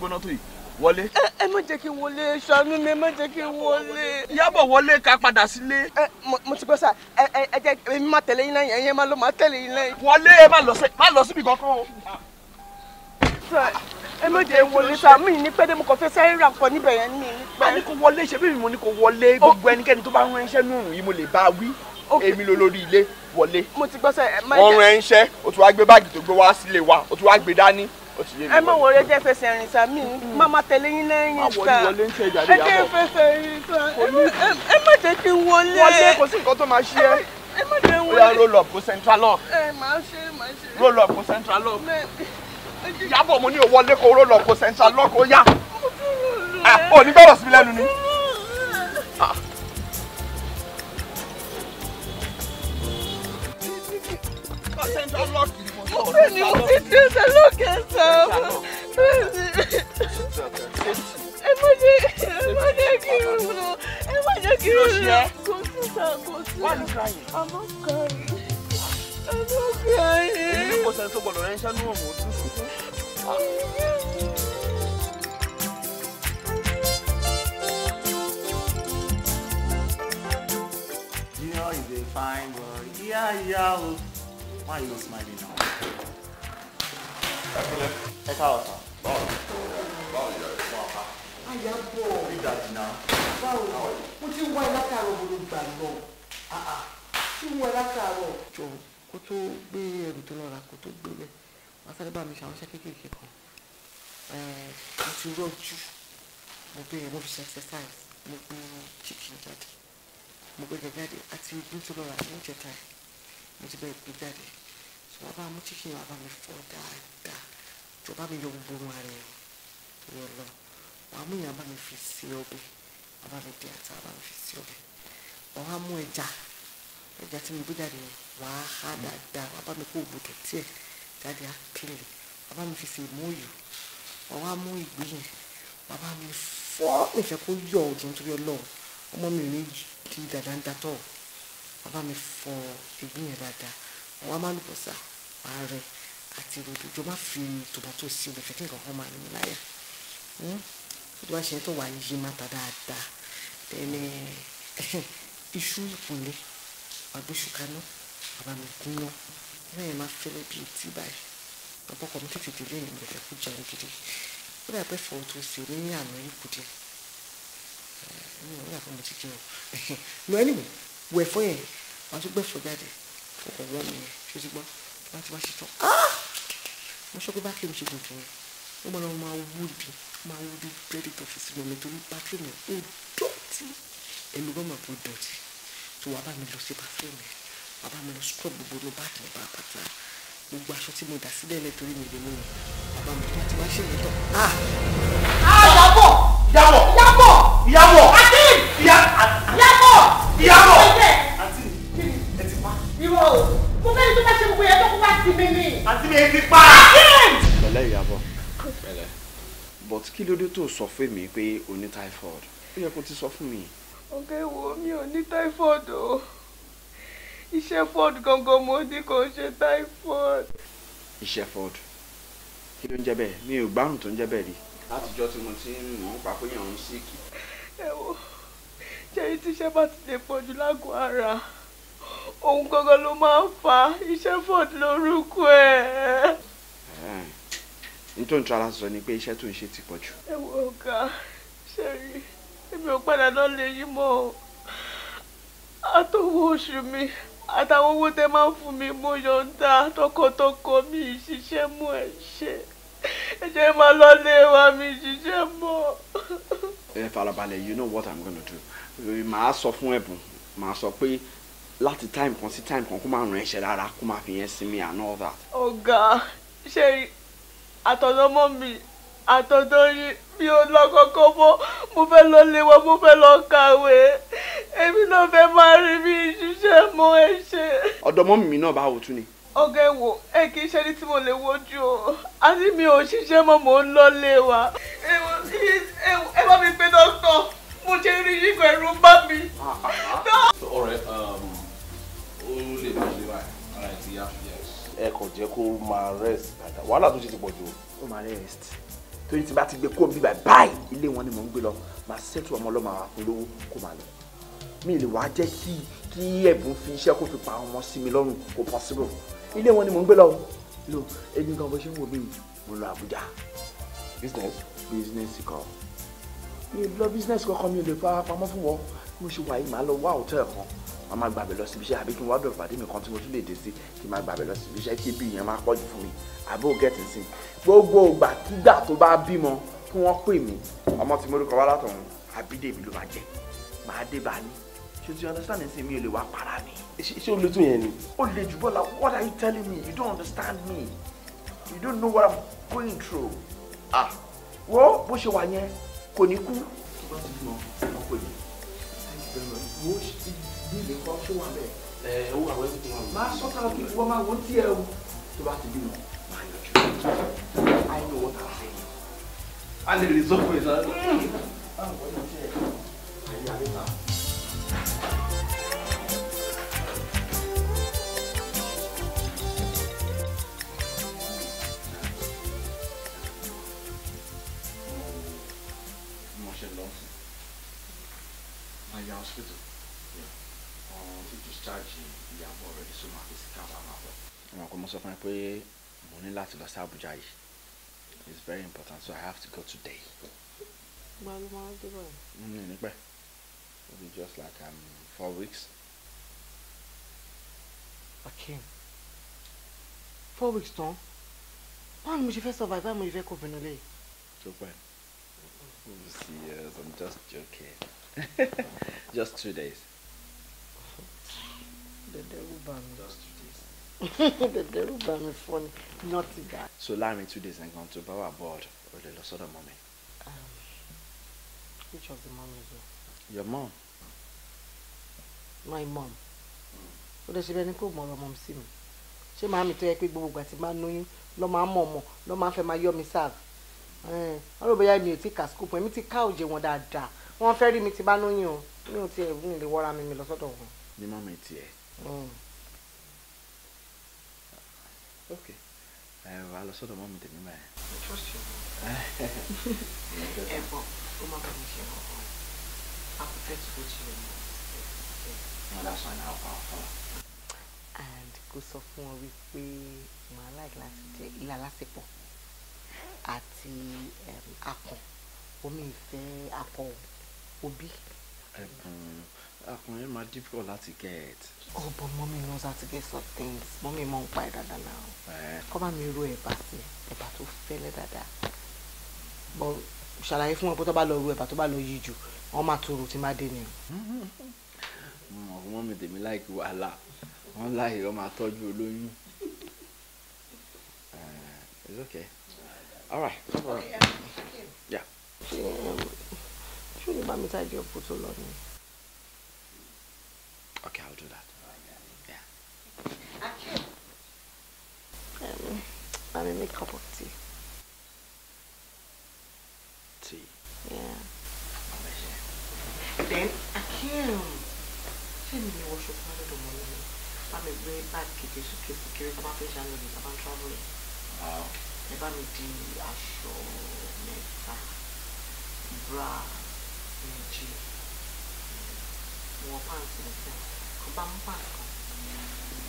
gbóná tó yìí wọlé. ẹ ẹ má jẹ́ kí n wọlé ṣàánú mi ẹ má jẹ́ kí n wọlé. yábọ̀ wọlé ká padà sílé. ẹ mo ti gbọ́ sà ẹ ẹ jẹ́ èmi máa tẹ̀lé yín lẹ́yìn ẹ̀yin máa lọ máa tẹ̀lé yín lẹ́yìn. wọlé ẹ má lọ sí má lọ síbi kankan o. sà ẹ má jẹ́ wọlé sà mí ní pẹ́ẹ́dẹ́ mo kàn fẹ́ sáré rà pọ̀ níbẹ̀ yẹn mi ní pẹ́. a ní kò wọlé ṣe bí mo ní kò wọlé gbogbo ẹnikẹ́ni tó bá rán iṣẹ́ nùrù yìí mo lè bá wí èmi ló lórí ilé wọlé. mo ti gbọ́ sẹ́ ẹ má jẹ́. ọrùn ẹ̀ ń ṣẹ́ o tún wá gbé báàgì tó gbé wá sílé wa o tún wá gbé dání ẹ má wọlé jẹ́ fẹsẹ̀ rìn sá mi má mm-hmm. má tẹ̀lé yín lẹ́yìn sá ẹ jẹ́ fẹsẹ̀ rìn sá ẹ má jẹ́ kí n wọlé wọlé kò sí nǹkan tó máa ṣe ẹ ẹ má jẹ́ wọlé ó yá roll up kó central lock ẹ má ṣe má ṣe roll up kó central lock yàbọ̀ mo ní o wọlé kó roll up kó central lock ó yá ò ah, ní gbọ́dọ̀ sí mi lẹ́nu ni. kó ah. central lock bẹ́ẹ̀ ni mo ti dé sẹ́ lókè sọ bẹ́ẹ̀ ni ẹ má jẹ́ ẹ má jẹ́ kí n lọ ẹ má jẹ́ kí n lọ kò sí sà a fine boy. Yeah, yeah. Why are you not smiling now? Ẹ káàárọ̀ sà. Báwo ni báwo ni ọ̀rẹ́? Báwo ká? Àyà bọ̀. Bí dàdí náà. Báwo ni? Mo ti ń wá ẹ látàárọ̀ mo ló gbà lọ. Ah, ah. Tí ń wá ẹ látàárọ̀. Jọ kó tó gbé ẹrù tó lọ́ra kó tó gbé lẹ̀. Wọ́n sáré bá mi ṣe àwọn iṣẹ́ kéékèèké kan. Mo ti rọ̀jú. Mo bẹ̀rẹ̀ mo fi wọ́n bá mú chicken wá bá mi fọ́ dáadáa tó bá mi yọ gbogbo wọn rẹ̀ yọ lọ wàá mú yàn bá mi fi sí ọbẹ̀ wàá bá mi dé àtà wàá bá mi fi sí ọbẹ̀ wàá mú ẹja ẹja tí mo gbé jáde yẹn wàá há dáadáa wàá bá mi kó òbòdò tiẹ̀ jáde á kílè wàá bá mi fi sí ìmú òyò wàá mú ìgbé yẹn wàá bá mi fọ́ ìfẹ́ kó yọ ọ̀dùn torí ọlọ́run mi ò ní di dàdáńdá tọ̀ wàá mi fọ ìgbín yẹn dáadáa àwọn amálùbọ́sà ààrẹ àti ròdòdó má fi tòmátò sí olùfẹ́ kí nǹkan kan máa ní láyà tó hmm? bá ṣe tó wà yí mata dáadáa tẹ́lẹ̀ eh, (laughs) iṣu ìpínlẹ̀ àgbéṣu kaná bàbá mi kún wọn bẹ́ẹ̀ máa fẹ́lẹ́ bíi tí báyìí bàbá ọkọ mi tètè délé ìrìn rẹ̀ kó jẹun gidi ó dàbẹ́ fọwọ́ tó ṣe ní ní àná yìí kù díẹ̀ eh, mi ò rí àfọmọ́ jíjẹ o lọ ẹni wọ ẹ̀fọ́ yẹn wàá tún gbẹ̀fọ́ jáde ẹ̀rọ mi ṣe ti gbọ́ láti wá ṣe tán ah! mo ṣọ́kú bá kílò ṣe tuntun mo máa wú bi máa wú bi bírèdì tó mi torí bátírì mi ò dọ̀tí èmi gbọ́n máa bó dọ̀tí tó wàá bá mi lọ sí bátírì mi wàá bá mi lọ scrub gbogbo ní báàgì mi pàápàá gbogbo aṣọ tí mo dà sílẹ̀ lẹ̀ mi lè mú mi bàbá mi tó wá ṣe ìyẹn tán. Ah! Ah, Ìyàbọ̀ Ìyàbọ̀ Ìyàbọ̀ Akin Ìyàbọ̀ Ìyàbọ̀. àti mi ti pa. pẹ̀lẹ́ ìyàbọ̀ pẹ̀lẹ́ but kí ló dé tó sọ fún mi pé o ní typhoid ó yẹ kó ti sọ fún mi. ọ̀gá ìwọ mi ò ní typhoid o iṣẹ́ ford gangan mo ní kò ṣe typhoid. iṣẹ́ ford kí ló ń jẹ́ bẹ́ẹ̀ mi ò gbárùn tó ń jẹ́ bẹ́ẹ̀ rí. látijọ́ tí mo ti ń mọ̀ nípa pé yàn ń ẹ wo ṣé iṣẹ́ bá ti lè pọ̀jù lágọ̀ọ́ ara òun gangan ló máa ń fa iṣẹ́ ford lórúkọ ẹ̀. n tó ń tọ́ ara sọ ni pé iṣẹ́ tó ń ṣe ti pọ̀ jù. ẹ wo ọ̀gá ṣe rí èmi ò padà náà lè yí mọ́ o àtọwọ́ oṣù mi àtàwọn owó tẹ máa ń fún mi mo yọ̀ǹda tọkàntọkọ mi ìṣiṣẹ́ mú ẹ ṣe ẹ máa lọ lé wa mi ìṣiṣẹ́ mọ́. ẹ farabalẹ̀ you know what i'm gonna do màá sọ fún ẹ̀bùn màá sọ pé láti time kan sí time kan kó máa ràn ẹ̀ṣẹ̀ rárá kó máa fi yẹn sinmi and all that. ọ̀gá ṣe àtọ̀dọ́mọ́ mi àtọ̀dọ́ yìí mi ò lọ kọ́kọ́ mọ́ mo fẹ́ lọ léwọ́ mo fẹ́ lọ kàwé èmi náà fẹ́ máa rí mi ṣiṣẹ́ mọ́ ẹ̀ṣẹ̀. ọ̀dọ́mọ́ mi náà báwo tún ni. ọ̀gá ẹ wò ẹ kì í ṣe ní tí mo lè wojú o àti mi ò ṣiṣẹ́ mọ́ mò ń lọ lé wa. ẹ bá mi pe dókítà mo ṣe rí yíkọ ẹ̀rù bá mi. ọ̀rẹ́ ah, ah, ah ó lè máa ẹ kàn jẹ́ kó máa rest dáadáa wàhálà tó ṣe ti pọ̀ jù. ó máa rest torí tí bá ti gbé kóńbí báyìí báyìí ilé wọn ni mò ń gbé lọ máa ṣètò ọmọ ọlọ́mọ àwọn olówó kó máa lọ mi lè wá jẹ́ kí kí ẹ̀bùn fi iṣẹ́ kó fi pa ọmọ sí mi lọ́rùn kó possible ilé wọn ni mò ń gbé lọ lo ẹni kan bó ṣe ń wò mí mo lọ Àbújá. business business kan mi lọ business kankan mi ò lè fara pamọ́ fún wọn mo ṣe wà yìí màá lọ wá hòtẹ́ẹ̀lì kan wọn máa gbàgbé lọ síbi iṣẹ́ àbí kí n wá dọ̀rọ̀ pàdé mi kan tí mo tún lè dé sí kí n máa gbàgbé lọ síbi iṣẹ́ kí ibi yẹn máa pọ̀jù fún mi àbí ò gẹ̀tì sí gbogbo ìgbà kígbà tó bá bímọ kí wọ́n pè mí ọmọ tí mo rí kọ wá látọ̀run àbídèmí ló máa jẹ máa dé bá ní ṣé ti understand nsìn mi ò lè wá para mi. ṣé o lè tún yẹn ni. o lè jù bọ́lá what are you telling me you don't understand me you don't know what i'm going through. ah wo bó ṣe wà yẹn kò ní kú. tó bá ti bímọ ọkọ yìí wo bíìlì nǹkan tó wà bẹ́ẹ̀. ẹ owó àwọn ẹsẹ̀ tó wà. máa sọ sára kí wọ́n máa wo tí ẹ o tó bá ti bímọ máa yọjú. I know what I'm saying. a lè rí sọ́kùn ẹ̀ sára. báwo ni ṣe ẹ̀yà níta. Hospital ṣáàjì ìyàbọ̀ rẹ̀ so máa fi sí káfà máa bọ̀. àwọn ọkọ mo sọ fún mi pé mo ní láti lọ sí Àbújá yìí it's very important so I have to go today. gba ló máa dé bọ̀ yìí. Mm, mi ní pẹ́ it will be just like um, four weeks. Okay. four weeks tán báwo ni mo ṣe fẹ́ survive báwo ni mo ṣe fẹ́ kó bínú lé. tó pẹ́ oh serious I'm just joking (laughs) just two days dẹ̀dẹ̀rù bà mí dẹ̀dẹ̀rù bà mí fún ni not that. so láàrin two days and tó to wà board o lè lọ mommy. mọ́mi. Um, which of the mom is your mom. my mom. ó lè ṣe bẹ́ẹ̀ ni kò mọ ọ̀rọ̀ mọ́ sí mi ṣé màá mi tó yẹ pé gbogbo ìgbà tí máa ń lóyún lọ́ máa ń mọ̀ mọ̀ lọ́ máa ń fẹ́ máa yọ mi sáà ọ̀rọ̀ bóyá mi ò tí kà scoop mi ti ká òjè wọn dáadáa wọ́n fẹ́ rí mi ti bá lóyún o mi ò tiẹ̀ mi lè wọ́ra mi mi lọ sọ́dọ̀ wọn. ní mọ́mí Oh. Okay. Eh, wà lọ sọ́dọ̀ mọ́mí tèmi báyìí. I trust you. Ẹ bọ̀, go to your mom. No, that's why now I'll follow. And kò sọ fún omi ìfẹ́ akọ òbí. Ẹ̀bùn ọkùnrin máa difficult láti get. oh but mommy knows how to get some things mommy mọ̀ ń pa ẹ̀ dáadáa náà eh. kọ́ bá mi ro ẹ̀bà sí ẹ̀bà tó fẹ́lẹ́ dáadáa but ṣàlàyé fún wọn pé tó bá lọ ro ẹ̀bà tó bá lọ yí jù wọ́n máa tòrò tí má dé ni o. ọ̀hún mọ́mí tèmi láìkí wàhálà wọ́n láyè wọ́n máa tọ́jú olóyún. Eh, it's okay all right Yeah. Um, yeah. ṣé um, ṣé o lè bá mi tájú ọ̀pọ̀ tó lọ ni. Okay, I'll do that. Yeah. Um, let me make a cup of tea. Tea? Yeah. Then, Akim, send me your worship part of the morning. I'm a very bad kid, so keep the kids about this and I'm traveling. Wow. Ẹ bá mi di aṣọ mẹ́fà, bra, energy. wọ pants mi sẹ ọba mu pants kan.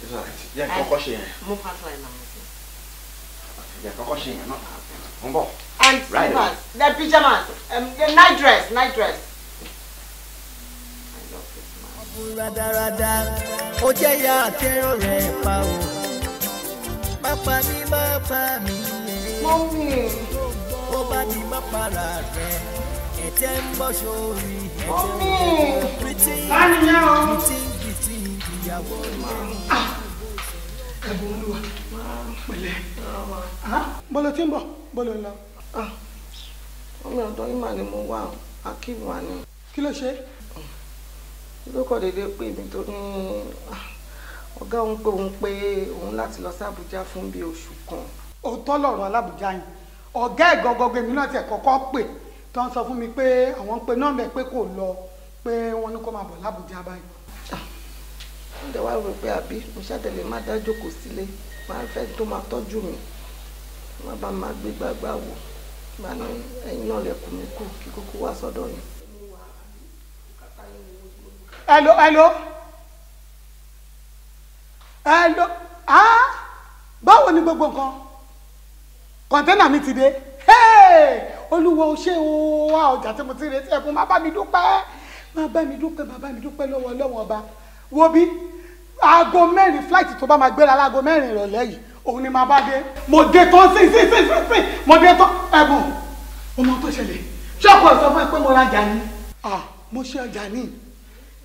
it's alright yẹ n kọ́kọ́ ṣe yẹn. mu pants line na mi sẹ. yẹ n kọ́kọ́ ṣe yẹn náà n bọ. and slippers the pyjamas night dress night dress. Radarada, ó jẹ́ ya àtẹ̀rọ̀ rẹ̀ pa o. Bàbá mi bàbá mi yé. Mọ́mí. Ó bá di bàbá rà rẹ̀ ẹ̀tẹ̀ ń bọ̀ sórí ẹ̀tẹ̀ pretty pretty pretty ìyàwó rẹ̀. ẹ̀bùn olúwa pẹ̀lẹ́ ah. bọ́lá tí ń bọ̀ bọ́lá ńlá. Ah. ọmọ ọ̀dọ́ yìí mà ni mo wà akíwù wa ni. kí ló ṣe. lókọ̀ dédé pé mi tó ní ah, ọ̀gá òun pé òun pé òun láti lọ sí Àbújá fún bíi oṣù kan. òótọ́ lọ̀rọ̀ alábùjá yìí ọ̀gá ẹ̀ mi náà ti ẹ̀ kọ́kọ́ pè tó ń sọ fún mi pé àwọn ń pe nọ́ọ̀mù ẹ̀ pé kò lọ pé wọ́n ní kó máa bọ̀ lábùjá báyìí. ó dẹ̀ wá rò pé àbí mo ṣàtẹ̀lé má dájú kò sílé máa fẹ́ tó máa tọ́jú mi má bá máa gbé gbàgbà wò má ní ẹ̀yin náà lè kú mi kú kí kúkú wá sọ́dọ̀ yẹn. hello hello hello ah báwo ni gbogbo nǹkan kọ̀ńténà mi ti dé. Hey! olúwa o ṣé o wá ọjà tí mo ti retí ẹ̀fún má bá mi dúpẹ́ má bá mi dúpẹ́ má bá mi dúpẹ́ lọ́wọ́ ọlọ́wọ́n ọba wo bí aago mẹ́rin flight tó bá máa gbéra láago mẹ́rin ìrọ̀lẹ́ yìí òun ni máa bá dé mo dé tán sí sí sí sí sí mo dé tán ẹ̀bùn ọmọ tó ṣẹlẹ̀ ṣọ́ọ̀kù ọ̀sọ́ fún ẹ pé mo ra ọjà ni ah mo ṣe ọjà ni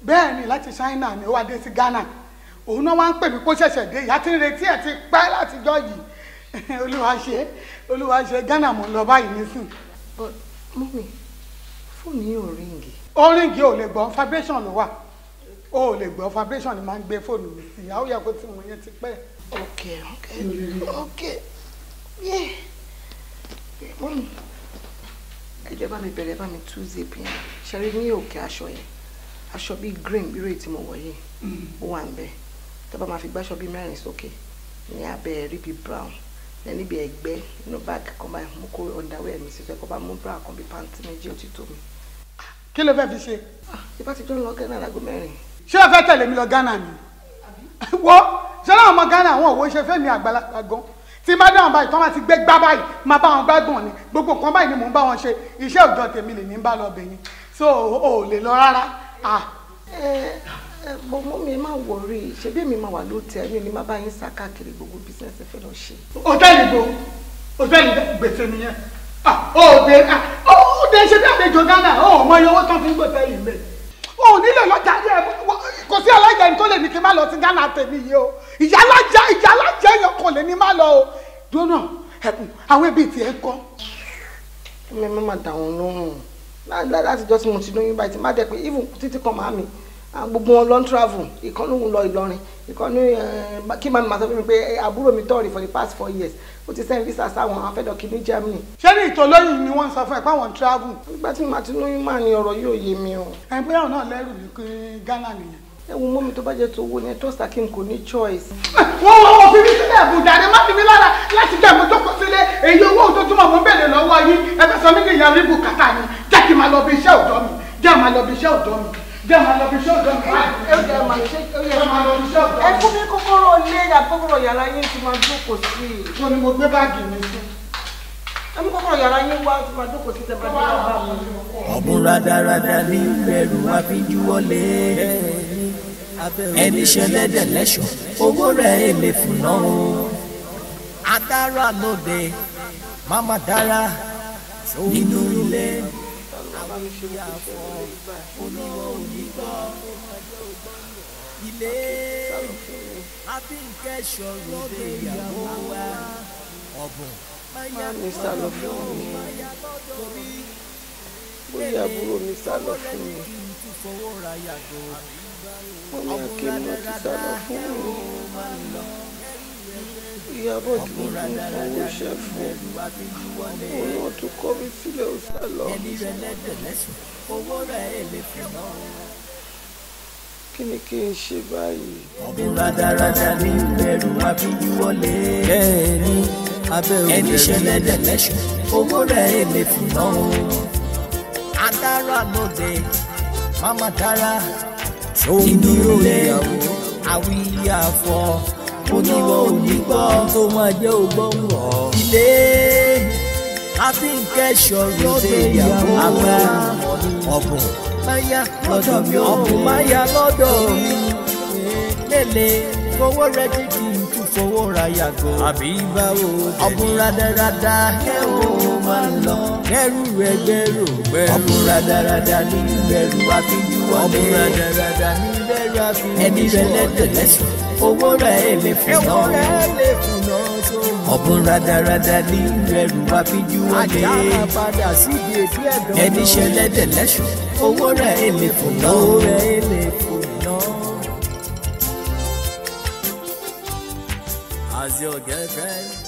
bẹ́ẹ̀ ni láti China ni ó wá dé sí Ghana òun náà wá ń pè mí kó ṣẹ̀ṣẹ̀ dé ìyá tí ń retí ẹ̀ ti pẹ́ látijọ́ yìí (laughs) olúwa ṣe olúwa ṣe Ghana mo lọ báyìí nísìnyí but mummy fóònù yìí ò ríǹgì. ó ríǹgì ò lè gbọ́ vibration ló wà ó lè gbọ́ vibration ni máa ń gbé fóònù mi sí i àwọn ìyàwó tí mo yẹn ti pẹ́. ok ok ok yeah mummy ẹjọ bá mi bẹ̀rẹ̀ bá mi tú zip yẹn ṣẹlẹ̀ ní òkè aṣọ yẹn aṣọ bíi green bí rèé tí mo wọ̀ yìí mm. ó wà ń bẹ tó bá máa fi gbáṣọ bíi mẹ́rin sókè ní abẹ́ rí bíi brown níbi ẹ̀gbẹ́ inú báàgì kan báyìí mo kó underwear mi sí fẹ́ kó bá mú bra kan bíi pàǹtí méjì ó ti tó mi. kí ló fẹ́ fi ṣe. ìbá ah, ti jọ́ lọ Ghana láago mẹ́rin. ṣé o fẹ́ tẹ̀lé mi lọ Ghana ni. wo ṣé láwọn ọmọ Ghana àwọn òwò ṣe fẹ́ mi àgbàlagbà gan tí má dáhùn báyìí tó máa ti gbé gbá báyìí máa bá wọn gbádùn ni gbogbo nǹkan báyìí ni mò ń bá wọn ṣe iṣẹ́ òòjọ́ tèmi lè ní so o ò lè lọ bọ mọ mi má wọrí ṣebí èmi máa wà lóòótọ́ ẹni ni máa bá yín sá káàkiri gbogbo bísíǹsì fẹ́ lọ ṣe. hòtẹ́ẹ̀lì gbò hòtẹ́ẹ̀lì gbèsè nìyẹn ó dé ó dé ṣe bí àlejò Ghana ó mọ iye owó tán fi ń gbèsè yìí mẹ́ ó nílò lọ́jà ní ẹ̀ kò sí alájà yìí tó lè ní kí n má lọ sí Ghana tèmi yìí o ìyá alájà ìyá alájà yẹn kò lè ní má lọ o dúnà ẹkùn àwọn ẹbí tiẹ̀ ń kọ́. mi má dà wọn lóhùn láti jọ́ sí mo ti lóyún báyìí ti má dẹ́ pé even títí kan máa mi gbogbo wọn lọ ń travel ìkan lóhun lọ Ìlọrin ìkan ní eh, kí màmí màá sọ fún mi pé eh, àbúrò mi tọ̀rì for the past four years ó ti send visa sáwọn afẹ́dọ̀kì ní Germany. ṣé ní ìtọ́lóyún ni wọ́n ń sọ fún ẹ páwọn travel. nígbà tí màá ti lóyún máa ní ọ̀rọ̀ yóò yé mi o. ẹ pé ọ̀nà lẹ́rù ní Ghana nìyẹn. ẹ wo mọ́mi tó bá jẹ́ tó owó ni ẹ tó sàkín kò ní choice. wọ́n wọ́n wọ́n fi mí sílẹ̀ àbùdá ni má fi mí lára láti jẹ́ àmọ́ tó kọ́ sílé èyí owó tó túmọ̀ mọ́ bẹ̀rẹ̀ lọ́wọ́ yín ẹ fẹ́ sọ mí kì í yan ríbù ni jẹ́ kí n máa lọ bí iṣẹ́ òdọ́ mi jẹ́ jẹ́ máa lọ fi ṣọ́ọ̀dọ̀ mi. ẹ fún mi kọ́kọ́rọ́ ilé àkọ́kọ́rọ́ yàrá yín ti máa jókòó sí i. wọ́n ni mo gbé báàgì mi sí. ẹ mú yàrá yín wá ti máa jókòó sí i tẹ́fà nígbà bá mi. ọ̀bùn rádaràdà ní ìrẹ̀rù wa fi juwọ́ lé ẹni ṣẹlẹ̀ dẹ̀ lẹ́ṣọ̀ owó rẹ̀ èlé fún náà o. adára lóde máma dára nínú yà fọ́ olówó onígbọ́ ilé abínkẹ́ sọ̀rọ̀ lé ìyàwó wa ọ̀bùn máa ní sálọ fún mi bóyá àbúrò mi sálọ fún mi wọ́n ní akéwì ti sálọ fún mi. Ìyábọ̀ tí mo tún fowó iṣẹ́ fún òun tún kọ́ mi sílẹ̀ ó lọ. Kí ni kí n ṣe báyìí? Ọdún rádaràda ní ìbẹ̀rù àbíyíwọlé. Bẹ́ẹ̀ni, abẹ́ òde rí. Ẹni ṣẹlẹ̀ dẹ̀lẹ́ṣọ̀, owó rẹ̀ èlé fìná Adára lóde, máma dára. Tó ní òye àwí oníwọ̀ onígbọ́ tó máa jẹ́ ògbọ́n wọ̀. ilé àti nkẹ́sọ̀ rèé ìyàwó àgbà ọ̀bùn lọ́dọ̀ mi ọ̀bùn máa yá lọ́dọ̀ mi lélẹ̀ fowó rẹ ti kì í tún fowó ra yàgò àbí báwo ọ̀bùn rádaràda ẹ ò máa lọ kẹrù rẹ gbẹrù gbẹrù ọ̀bùn rádaràda ní gbẹrù àfijúwọlé ọ̀bùn rádaràda ní ẹ̀mí rẹ̀ lẹ́dẹ̀ lẹ́sùn owó rẹ̀ èlé fúnná ọ̀bùn rádaràda ní rẹrù wá fi juwọ́ lé ẹni ṣe lẹ́dẹ̀ lẹ́sùn owó rẹ̀ èlé fúnná. As your girlfriend.